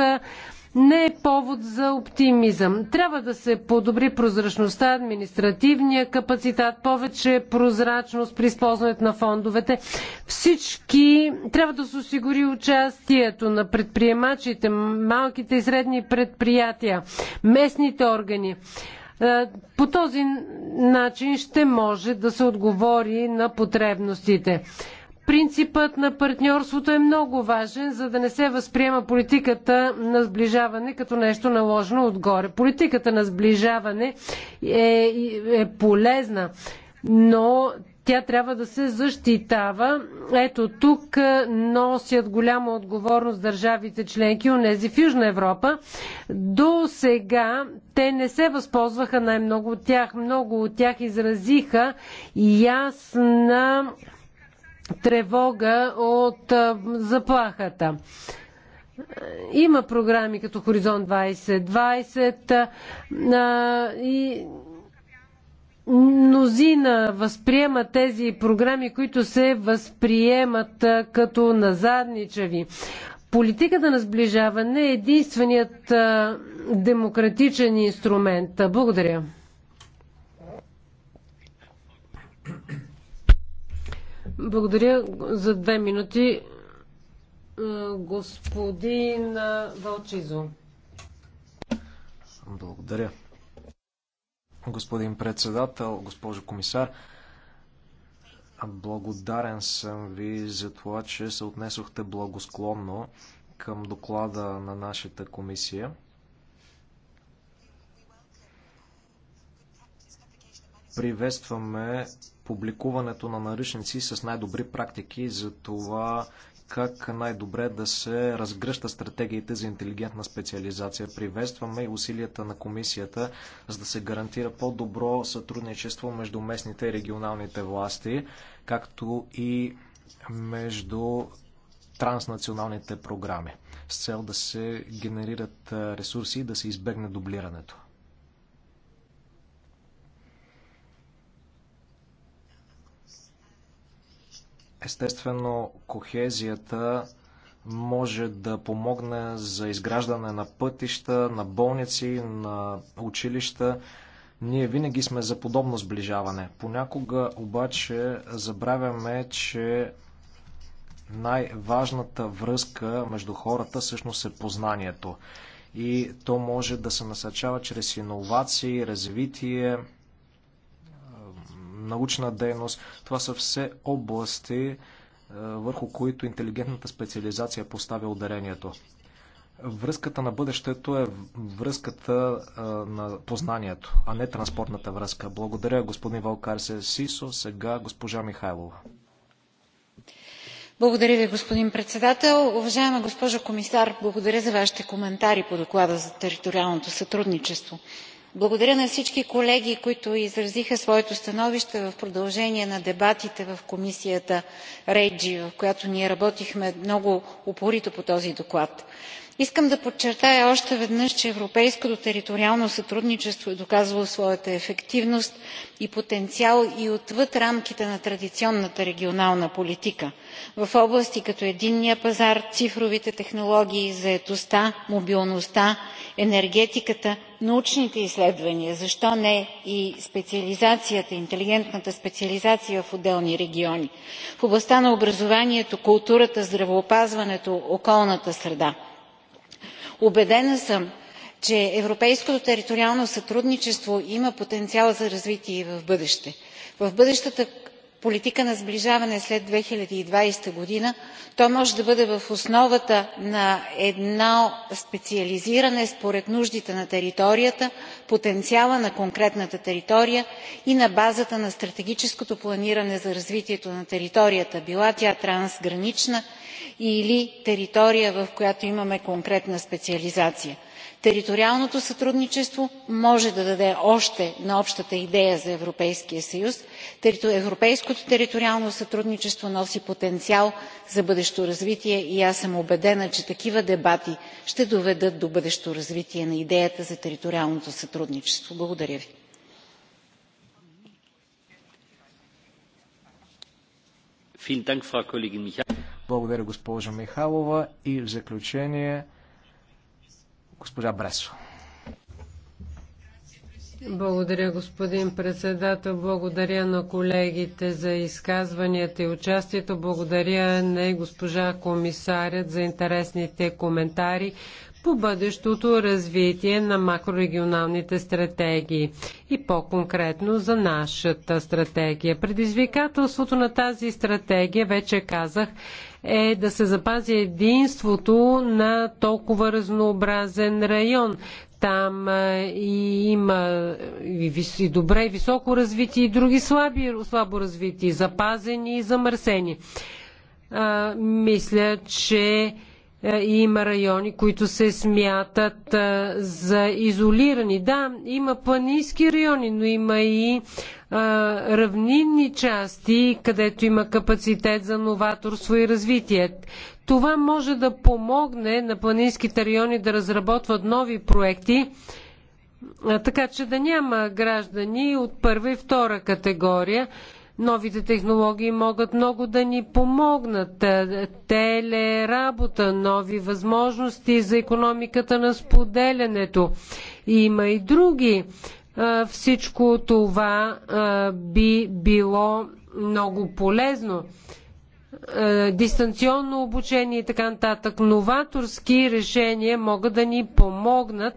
не е повод за оптимизъм. Трябва да се подобри прозрачността, административния капацитет, повече прозрачност при използването на фондовете. Всички трябва да се осигури участието на предприемачите, малките и средни предприятия, местните органи. Е, по този начин ще може да се отговори на потребностите. Принципът на партньорството е много важен, за да не се възприема политиката на сближаване като нещо наложено отгоре. Политиката на сближаване е, е полезна, но тя трябва да се защитава. Ето тук е, носят голяма отговорност държавите членки, унези в Южна Европа. До сега те не се възползваха най-много от тях. Много от тях изразиха ясна тревога от е, заплахата. Има програми като Хоризонт 2020 е, и мнозина възприема тези програми, които се възприемат като назадничави. Политиката на сближаване е единственият демократичен инструмент. Благодаря. Благодаря за две минути. Господин Вълчизо. Благодаря господин председател, госпожо комисар. Благодарен съм ви за това, че се отнесохте благосклонно към доклада на нашата комисия. Приветстваме публикуването на наръчници с най-добри практики за това как най-добре да се разгръща стратегиите за интелигентна специализация. Приветстваме и усилията на комисията, за да се гарантира по-добро сътрудничество между местните и регионалните власти, както и между транснационалните програми, с цел да се генерират ресурси и да се избегне дублирането. Естествено, кохезията може да помогне за изграждане на пътища, на болници, на училища. Ние винаги сме за подобно сближаване. Понякога обаче забравяме, че най-важната връзка между хората всъщност е познанието. И то може да се насърчава чрез иновации, развитие, научна дейност. Това са все области, е, върху които интелигентната специализация поставя ударението. Връзката на бъдещето е връзката е, на познанието, а не транспортната връзка. Благодаря господин Валкарсе Сисо. Сега госпожа Михайлова. Благодаря ви, господин председател. Уважаема госпожа комисар, благодаря за вашите коментари по доклада за териториалното сътрудничество благодаря на всички колеги които изразиха своето становище в продължение на дебатите в комисията Рейджи, в която ние работихме много упорито по този доклад искам да подчертая още веднъж че европейското териториално сътрудничество е доказало своята ефективност и потенциал и отвъд рамките на традиционната регионална политика в области като единния пазар цифровите технологии заетостта мобилността енергетиката научните изследвания защо не и специализацията интелигентната специализация в отделни региони в областта на образованието културата здравеопазването околната среда убедена съм че европейското териториално сътрудничество има потенциал за развитие и в бъдеще. в бъдещата политика на сближаване след 2020 година, то може да бъде в основата на едно специализиране според нуждите на територията, потенциала на конкретната територия и на базата на стратегическото планиране за развитието на територията, била тя трансгранична или територия, в която имаме конкретна специализация. Териториалното сътрудничество може да даде още на общата идея за Европейския съюз. Европейското териториално сътрудничество носи потенциал за бъдещо развитие и аз съм убедена, че такива дебати ще доведат до бъдещо развитие на идеята за териториалното сътрудничество. Благодаря ви. Благодаря, госпожо Михайлова. И в заключение Госпожа Бресо. Благодаря, господин председател. Благодаря на колегите за изказванията и участието. Благодаря на госпожа комисарят за интересните коментари по бъдещото развитие на макрорегионалните стратегии и по-конкретно за нашата стратегия. Предизвикателството на тази стратегия, вече казах, е да се запази единството на толкова разнообразен район. Там е, и има и добре, и високо развити, и други слаби, слабо развити, запазени и замърсени. А, мисля, че е, и има райони, които се смятат е, за изолирани. Да, има планински райони, но има и а, е, равнинни части, където има капацитет за новаторство и развитие. Това може да помогне на планинските райони да разработват нови проекти, а, така че да няма граждани от първа и втора категория, Новите технологии могат много да ни помогнат. Е, телеработа, нови възможности за економиката на споделянето. Има и други. Е, всичко това е, би било много полезно. Дистанционно обучение и така нататък. Новаторски решения могат да ни помогнат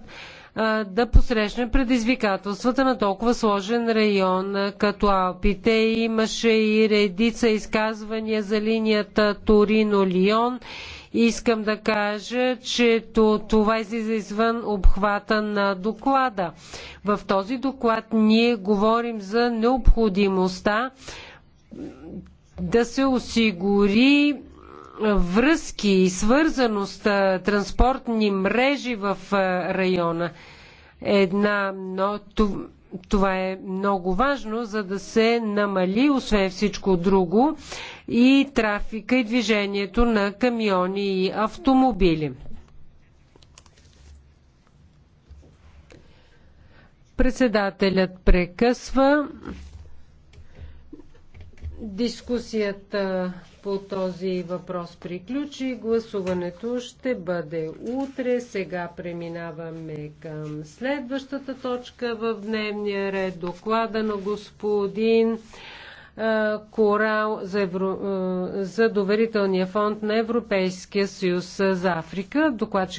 да посрещнем предизвикателствата на толкова сложен район като Алпите. Имаше и редица изказвания за линията Торино-Лион. Искам да кажа, че това излиза извън обхвата на доклада. В този доклад ние говорим за необходимостта да се осигури връзки и свързаност, транспортни мрежи в района. Една, но, това е много важно, за да се намали, освен всичко друго, и трафика и движението на камиони и автомобили. Председателят прекъсва дискусията по този въпрос приключи. Гласуването ще бъде утре. Сега преминаваме към следващата точка в дневния ред. Доклада на господин Корал за, Евро... за доверителния фонд на Европейския съюз за Африка. Докладчик е